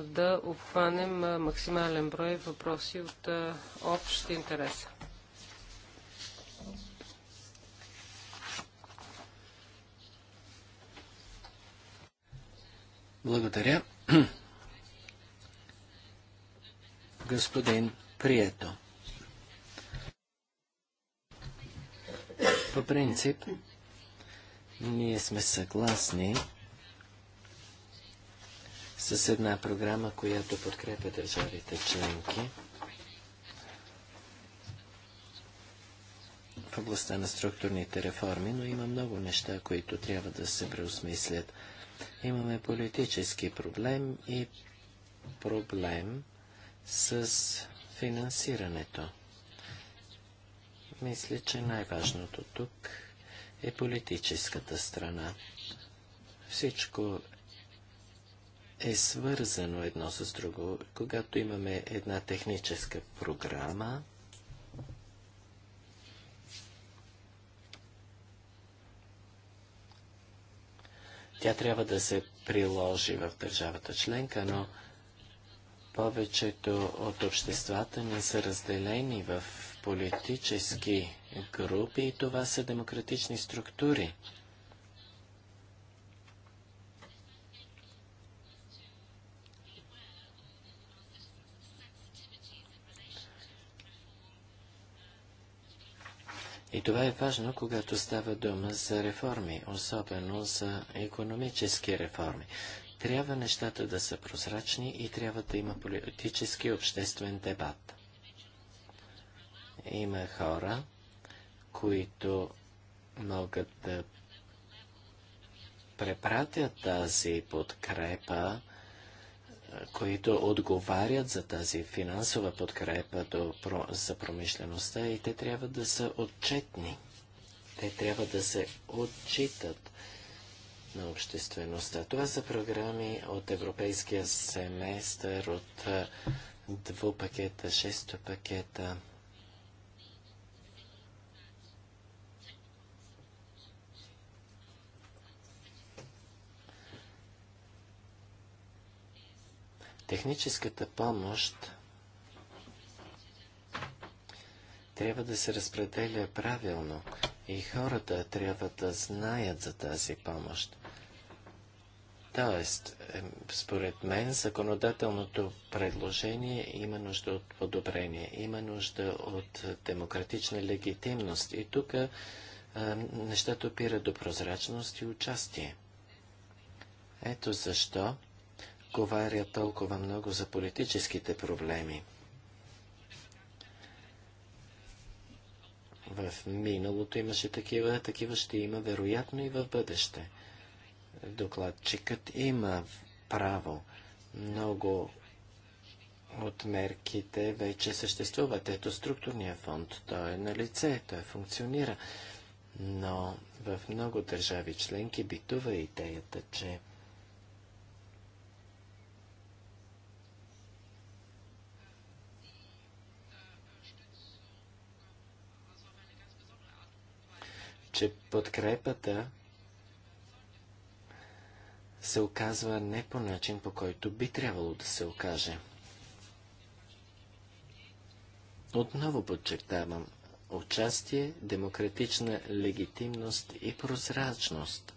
да обхванем максимален брой въпроси от общ интерес. Благодаря. Господин Прието. По принцип, ние сме съгласни с една програма, която подкрепя държавите членки в областта на структурните реформи, но има много неща, които трябва да се преосмислят. Имаме политически проблем и проблем с финансирането. Мисля, че най-важното тук е политическата страна. Всичко е свързано едно с друго. Когато имаме една техническа програма, тя трябва да се приложи в държавата членка, но повечето от обществата ни са разделени в политически групи и това са демократични структури. И това е важно, когато става дума за реформи, особено за економически реформи. Трябва нещата да са прозрачни и трябва да има политически обществен дебат. Има хора, които могат да препратят тази подкрепа, които отговарят за тази финансова подкрепа до, про, за промишлеността и те трябва да са отчетни. Те трябва да се отчитат на обществеността. Това са програми от Европейския семестър, от двупакета, шесто пакета. Техническата помощ трябва да се разпределя правилно и хората трябва да знаят за тази помощ. Тоест, е, според мен, законодателното предложение има нужда от подобрение, има нужда от демократична легитимност и тук е, нещата опират до прозрачност и участие. Ето защо говоря толкова много за политическите проблеми. В миналото имаше такива, такива ще има вероятно и в бъдеще – докладчикът има право много от мерките вече съществуват. Ето структурния фонд, той е на лице, той функционира. Но в много държави членки битува идеята, че че подкрепата се оказва не по начин, по който би трябвало да се окаже. Отново подчертавам участие, демократична легитимност и прозрачност.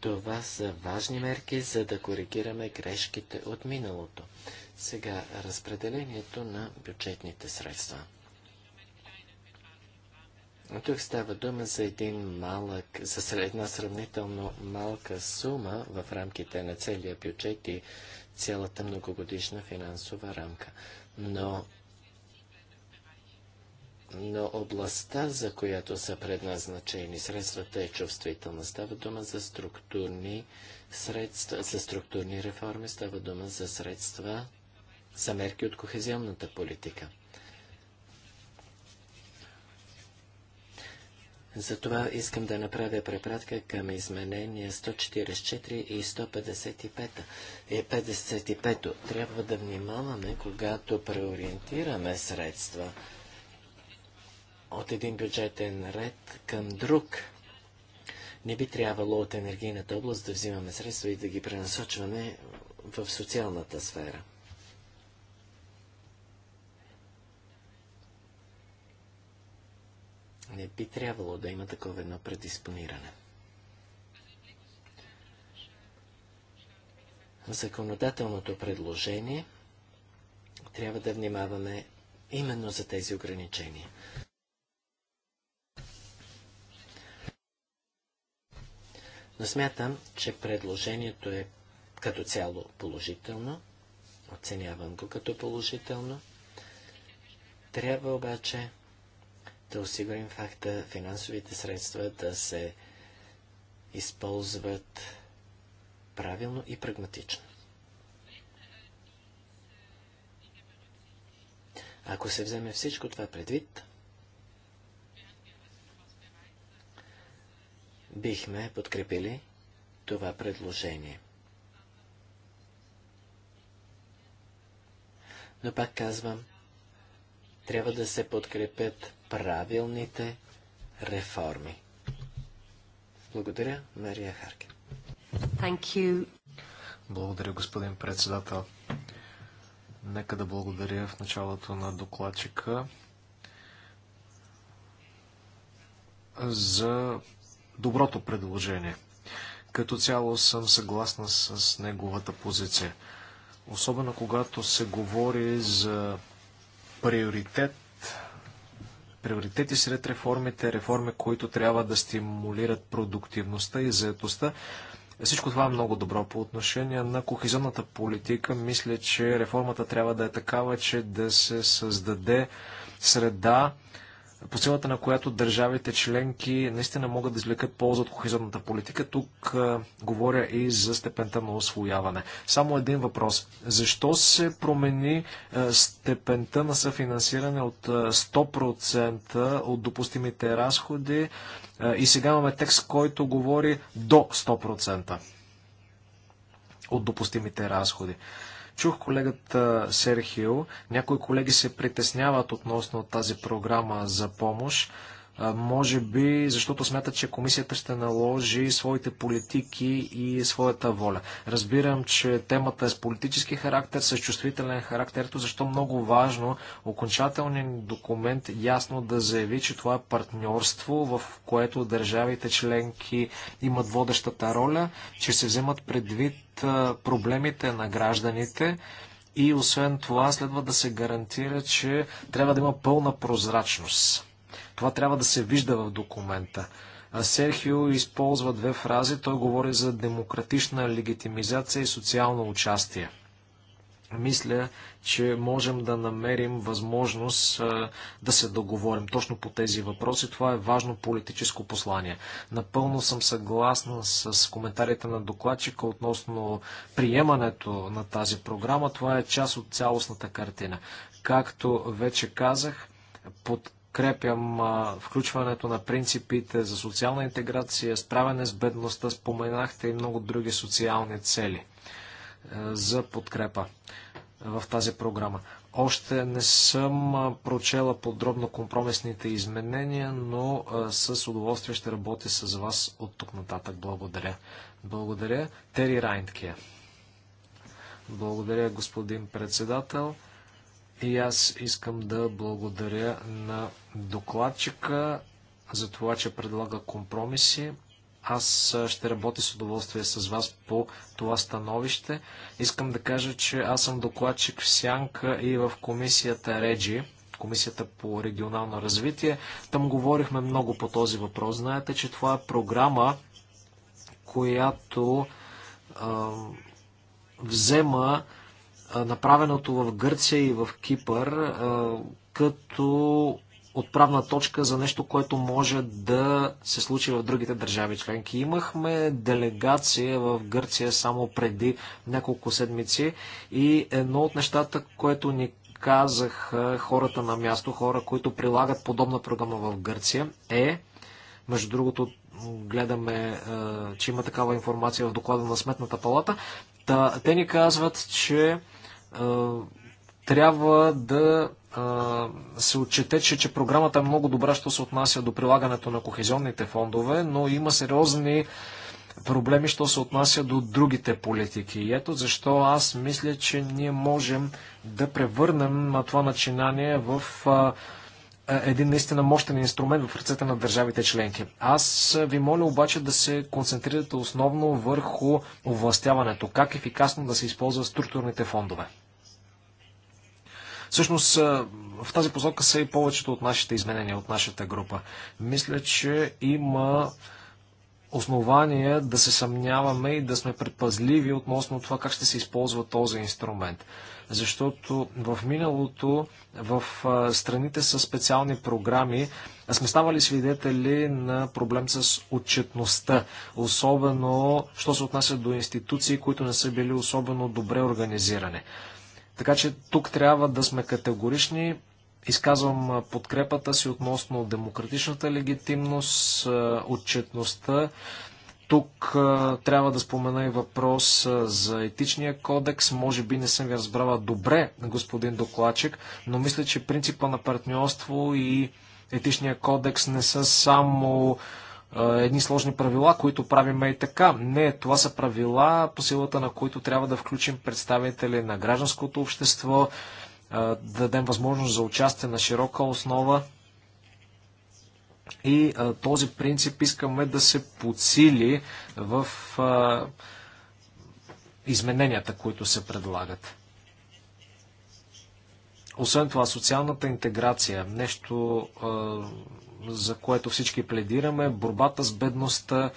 Това са важни мерки, за да коригираме грешките от миналото. Сега разпределението на бюджетните средства. Но тук става дума за един малък, за една сравнително малка сума в рамките на целия бюджет и цялата многогодишна финансова рамка. Но, но областта, за която са предназначени средствата е чувствителна. Става дума за структурни средства, за структурни реформи, става дума за средства, за мерки от кохезионната политика. Затова искам да направя препратка към изменения 144 и 155. И 55. Трябва да внимаваме, когато преориентираме средства от един бюджетен ред към друг. Не би трябвало от енергийната област да взимаме средства и да ги пренасочваме в социалната сфера. Не би трябвало да има такова едно предиспониране. В законодателното предложение трябва да внимаваме именно за тези ограничения. Но смятам, че предложението е като цяло положително. Оценявам го като положително. Трябва обаче да осигурим факта финансовите средства да се използват правилно и прагматично. Ако се вземе всичко това предвид, бихме подкрепили това предложение. Но пак казвам, трябва да се подкрепят правилните реформи. Благодаря, Мария Харкин. Thank you. Благодаря, господин председател. Нека да благодаря в началото на докладчика за доброто предложение. Като цяло съм съгласна с неговата позиция. Особено когато се говори за приоритет приоритети сред реформите, реформи, които трябва да стимулират продуктивността и заетостта. Всичко това е много добро. По отношение на кохезионната политика, мисля, че реформата трябва да е такава, че да се създаде среда, по силата на която държавите членки наистина могат да извлекат полза от кохезионната политика. Тук а, говоря и за степента на освояване. Само един въпрос. Защо се промени а, степента на съфинансиране от а, 100% от допустимите разходи а, и сега имаме текст, който говори до 100% от допустимите разходи? А, Чух колегата Серхио. Някои колеги се притесняват относно тази програма за помощ. Може би, защото смятат, че комисията ще наложи своите политики и своята воля. Разбирам, че темата е с политически характер, с чувствителен характер, ето защо много важно окончателният документ ясно да заяви, че това е партньорство, в което държавите членки имат водещата роля, че се вземат предвид проблемите на гражданите, и освен това следва да се гарантира, че трябва да има пълна прозрачност. Това трябва да се вижда в документа. А Серхио използва две фрази. Той говори за демократична легитимизация и социално участие. Мисля, че можем да намерим възможност а, да се договорим точно по тези въпроси. Това е важно политическо послание. Напълно съм съгласна с коментарите на докладчика относно приемането на тази програма. Това е част от цялостната картина. Както вече казах, под подкрепям включването на принципите за социална интеграция, справяне с бедността, споменахте и много други социални цели е, за подкрепа е, в тази програма. Още не съм прочела подробно компромисните изменения, но с удоволствие ще работя с вас от тук нататък. Благодаря. Благодаря. Тери Райнткия. Благодаря, господин председател. И аз искам да благодаря на докладчика за това, че предлага компромиси. Аз ще работя с удоволствие с вас по това становище. Искам да кажа, че аз съм докладчик в Сянка и в комисията Реджи, комисията по регионално развитие. Там говорихме много по този въпрос. Знаете, че това е програма, която а, взема а, направеното в Гърция и в Кипър а, като отправна точка за нещо, което може да се случи в другите държави членки. Имахме делегация в Гърция само преди няколко седмици и едно от нещата, което ни казах хората на място, хора, които прилагат подобна програма в Гърция, е, между другото, гледаме, е, че има такава информация в доклада на Сметната палата, те ни казват, че е, трябва да се отчете, че, че програмата е много добра, що се отнася до прилагането на кохезионните фондове, но има сериозни проблеми, що се отнася до другите политики. И ето защо аз мисля, че ние можем да превърнем на това начинание в е, един наистина мощен инструмент в ръцете на държавите членки. Аз ви моля обаче да се концентрирате основно върху овластяването, как ефикасно да се използват структурните фондове. Всъщност в тази посока са и повечето от нашите изменения, от нашата група. Мисля, че има основания да се съмняваме и да сме предпазливи относно това как ще се използва този инструмент. Защото в миналото в страните с специални програми сме ставали свидетели на проблем с отчетността, особено що се отнася до институции, които не са били особено добре организирани. Така че тук трябва да сме категорични. Изказвам подкрепата си относно демократичната легитимност, отчетността. Тук трябва да спомена и въпрос за етичния кодекс. Може би не съм ви разбрала добре, господин докладчик, но мисля, че принципа на партньорство и етичния кодекс не са само едни сложни правила, които правиме и така. Не, това са правила, по силата на които трябва да включим представители на гражданското общество, да дадем възможност за участие на широка основа. И този принцип искаме да се подсили в измененията, които се предлагат. Освен това, социалната интеграция, нещо за което всички пледираме, борбата с бедността,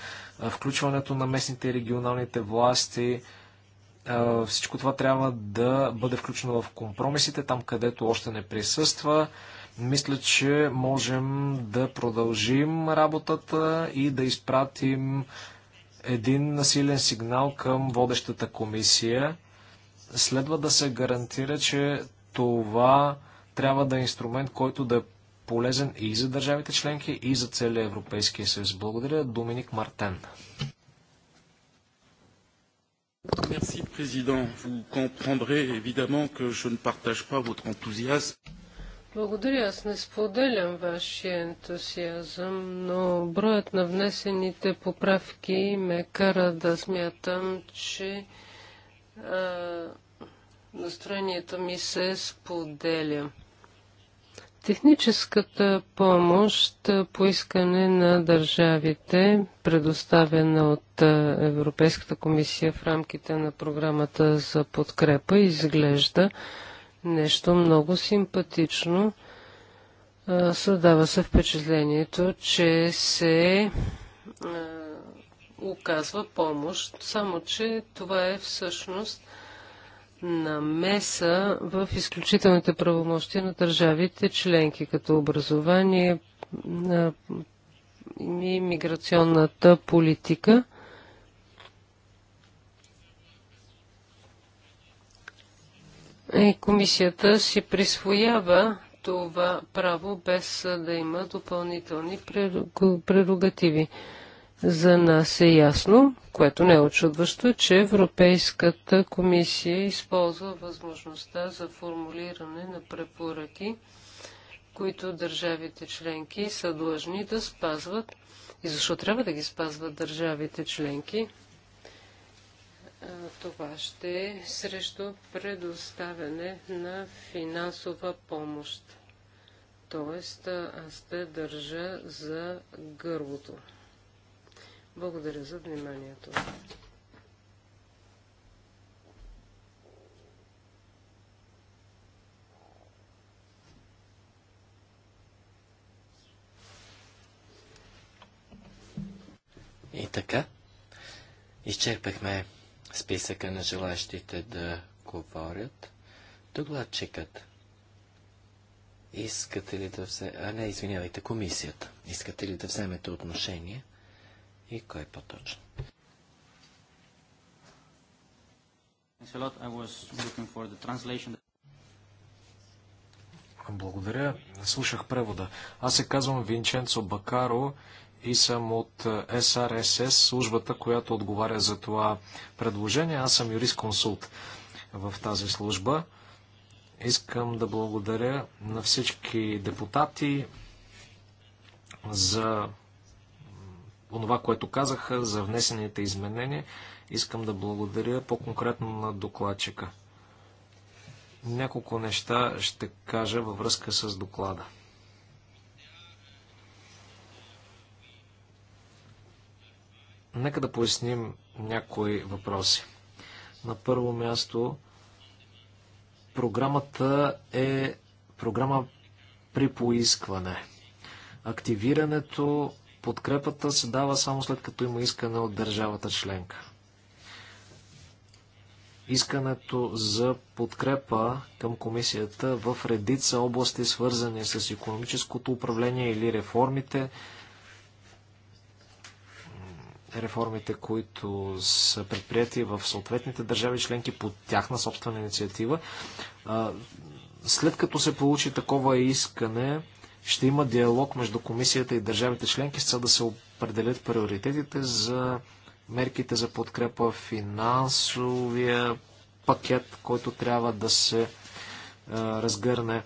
включването на местните и регионалните власти. Всичко това трябва да бъде включено в компромисите, там където още не присъства. Мисля, че можем да продължим работата и да изпратим един насилен сигнал към водещата комисия. Следва да се гарантира, че това трябва да е инструмент, който да е полезен и за държавите членки, и за целия Европейския съюз. Благодаря, Доминик Мартен. Merci, Président. Vous comprendrez évidemment que je ne partage pas votre enthousiasme. Благодаря. Аз не споделям вашия ентусиазъм, но броят на внесените поправки ме кара да смятам, че а, настроението ми се споделя. Техническата помощ поискане на държавите, предоставена от Европейската комисия в рамките на програмата за подкрепа, изглежда нещо много симпатично. Създава се впечатлението, че се оказва помощ, само че това е всъщност – намеса в изключителните правомощи на държавите членки, като образование и миграционната политика. И комисията си присвоява това право без да има допълнителни прерогативи. За нас е ясно, което не е очудващо, че Европейската комисия използва възможността за формулиране на препоръки, които държавите членки са длъжни да спазват и защо трябва да ги спазват държавите членки. Това ще е срещу предоставяне на финансова помощ. Тоест, аз те държа за гърлото. Благодаря за вниманието. И така, изчерпахме списъка на желащите да говорят. Докладчикът. Искате ли да вземете? А не, извинявайте, комисията. Искате ли да вземете отношение? и кой е по-точно. Благодаря. Слушах превода. Аз се казвам Винченцо Бакаро и съм от SRSS, службата, която отговаря за това предложение. Аз съм юрист консулт в тази служба. Искам да благодаря на всички депутати за онова, което казах за внесените изменения. Искам да благодаря по-конкретно на докладчика. Няколко неща ще кажа във връзка с доклада. Нека да поясним някои въпроси. На първо място, програмата е програма при поискване. Активирането Подкрепата се дава само след като има искане от държавата членка. Искането за подкрепа към комисията в редица области, свързани с економическото управление или реформите, реформите, които са предприяти в съответните държави членки по тяхна собствена инициатива. След като се получи такова искане, ще има диалог между комисията и държавите членки с цел да се определят приоритетите за мерките за подкрепа, финансовия пакет, който трябва да се разгърне.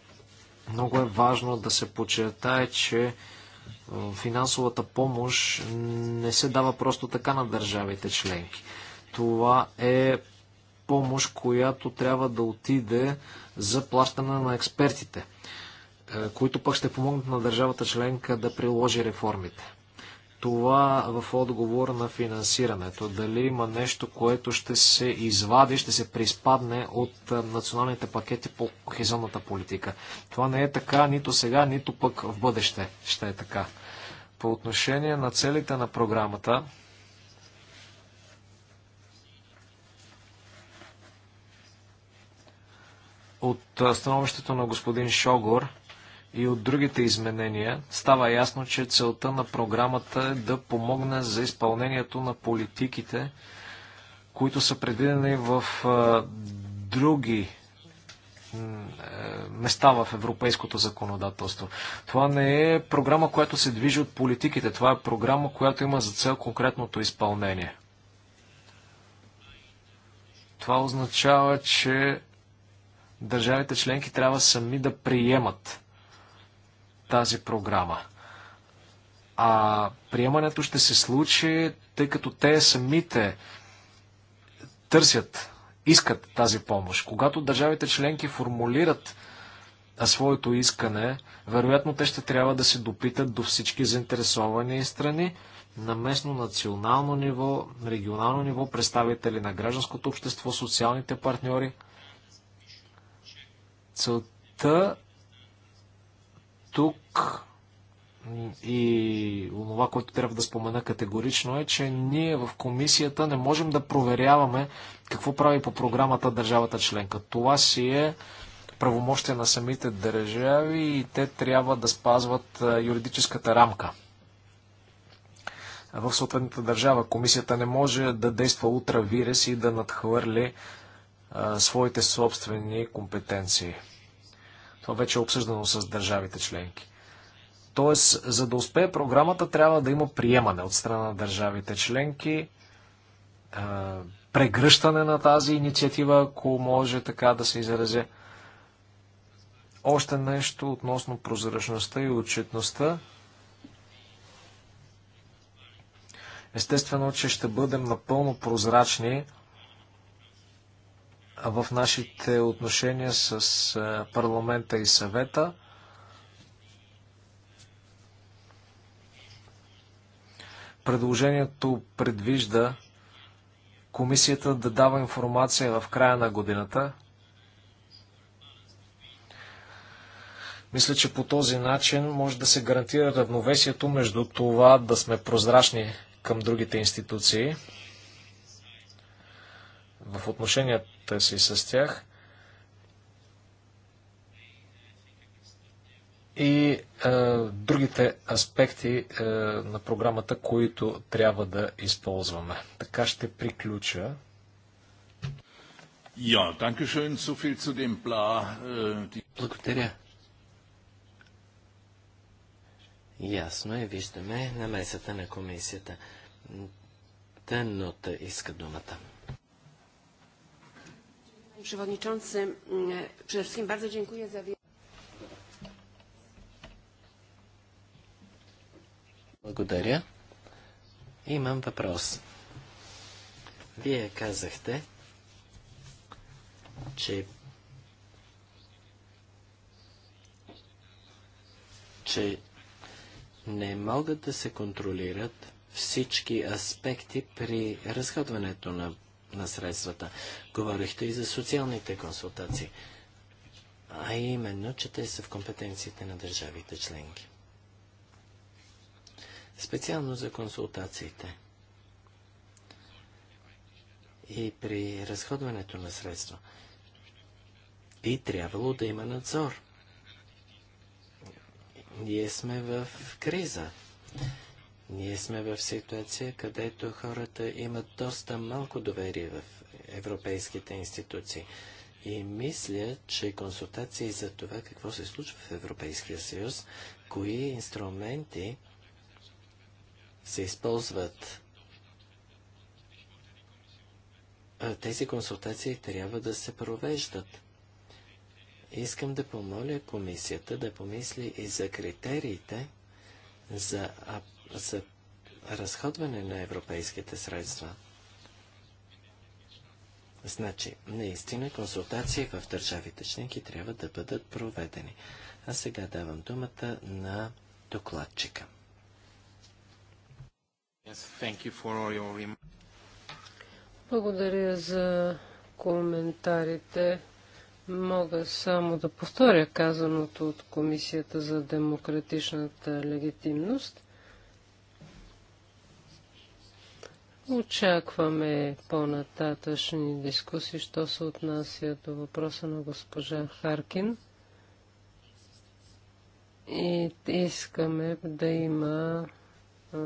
Много е важно да се подчертае, че финансовата помощ не се дава просто така на държавите членки. Това е помощ, която трябва да отиде за плащане на експертите е, които пък ще помогнат на държавата членка да приложи реформите. Това в отговор на финансирането. Дали има нещо, което ще се извади, ще се приспадне от е, националните пакети по хизонната политика. Това не е така нито сега, нито пък в бъдеще ще е така. По отношение на целите на програмата, от е, становището на господин Шогор, и от другите изменения, става ясно, че целта на програмата е да помогне за изпълнението на политиките, които са предвидени в други места в европейското законодателство. Това не е програма, която се движи от политиките. Това е програма, която има за цел конкретното изпълнение. Това означава, че държавите членки трябва сами да приемат тази програма. А приемането ще се случи, тъй като те самите търсят, искат тази помощ. Когато държавите членки формулират своето искане, вероятно те ще трябва да се допитат до всички заинтересовани страни на местно, национално ниво, регионално ниво, представители на гражданското общество, социалните партньори. Целта тук и това, което трябва да спомена категорично е, че ние в комисията не можем да проверяваме какво прави по програмата държавата членка. Това си е правомощие на самите държави и те трябва да спазват юридическата рамка. В съответната държава комисията не може да действа утравирес и да надхвърли а, своите собствени компетенции. Това вече е обсъждано с държавите членки. Тоест, за да успее програмата, трябва да има приемане от страна на държавите членки, е, прегръщане на тази инициатива, ако може така да се изразя. Още нещо относно прозрачността и отчетността. Естествено, че ще бъдем напълно прозрачни в нашите отношения с парламента и съвета. Предложението предвижда комисията да дава информация в края на годината. Мисля, че по този начин може да се гарантира равновесието между това да сме прозрачни към другите институции в отношенията си с тях. И е, другите аспекти е, на програмата, които трябва да използваме. Така ще приключа. Е, Благодаря. Ясно е, виждаме намесата на комисията. Тъннота иска думата przewodniczący. E, przede wszystkim bardzo dziękuję za... Благодаря. Имам въпрос. Вие казахте, че че не могат да се контролират всички аспекти при разходването на на средствата. Говорихте и за социалните консултации, а именно, че те са в компетенциите на държавите членки. Специално за консултациите и при разходването на средства. И трябвало да има надзор. Ние сме в криза. Ние сме в ситуация, където хората имат доста малко доверие в европейските институции. И мисля, че консултации за това какво се случва в Европейския съюз, кои инструменти се използват. Тези консултации трябва да се провеждат. Искам да помоля комисията да помисли и за критериите за за разходване на европейските средства. Значи, наистина консултации в държавите членки трябва да бъдат проведени. А сега давам думата на докладчика. Yes, Благодаря за коментарите. Мога само да повторя казаното от Комисията за демократичната легитимност. Очакваме по-нататъчни дискусии, що се отнася до въпроса на госпожа Харкин. И искаме да има а,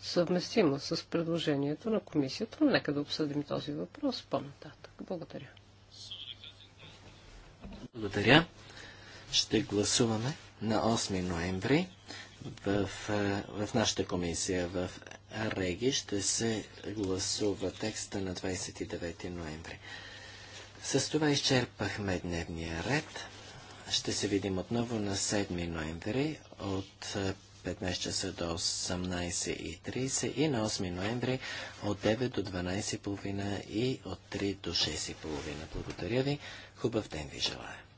съвместимо с предложението на комисията. Нека да обсъдим този въпрос по-нататък. Благодаря. Благодаря. Ще гласуваме на 8 ноември в, в нашата комисия в Реги ще се гласува текста на 29 ноември. С това изчерпахме дневния ред. Ще се видим отново на 7 ноември от 15 е, часа до 18.30 и на 8 ноември от 9 до 12.30 и от 3 до 6.30. Благодаря ви. Хубав ден ви желая.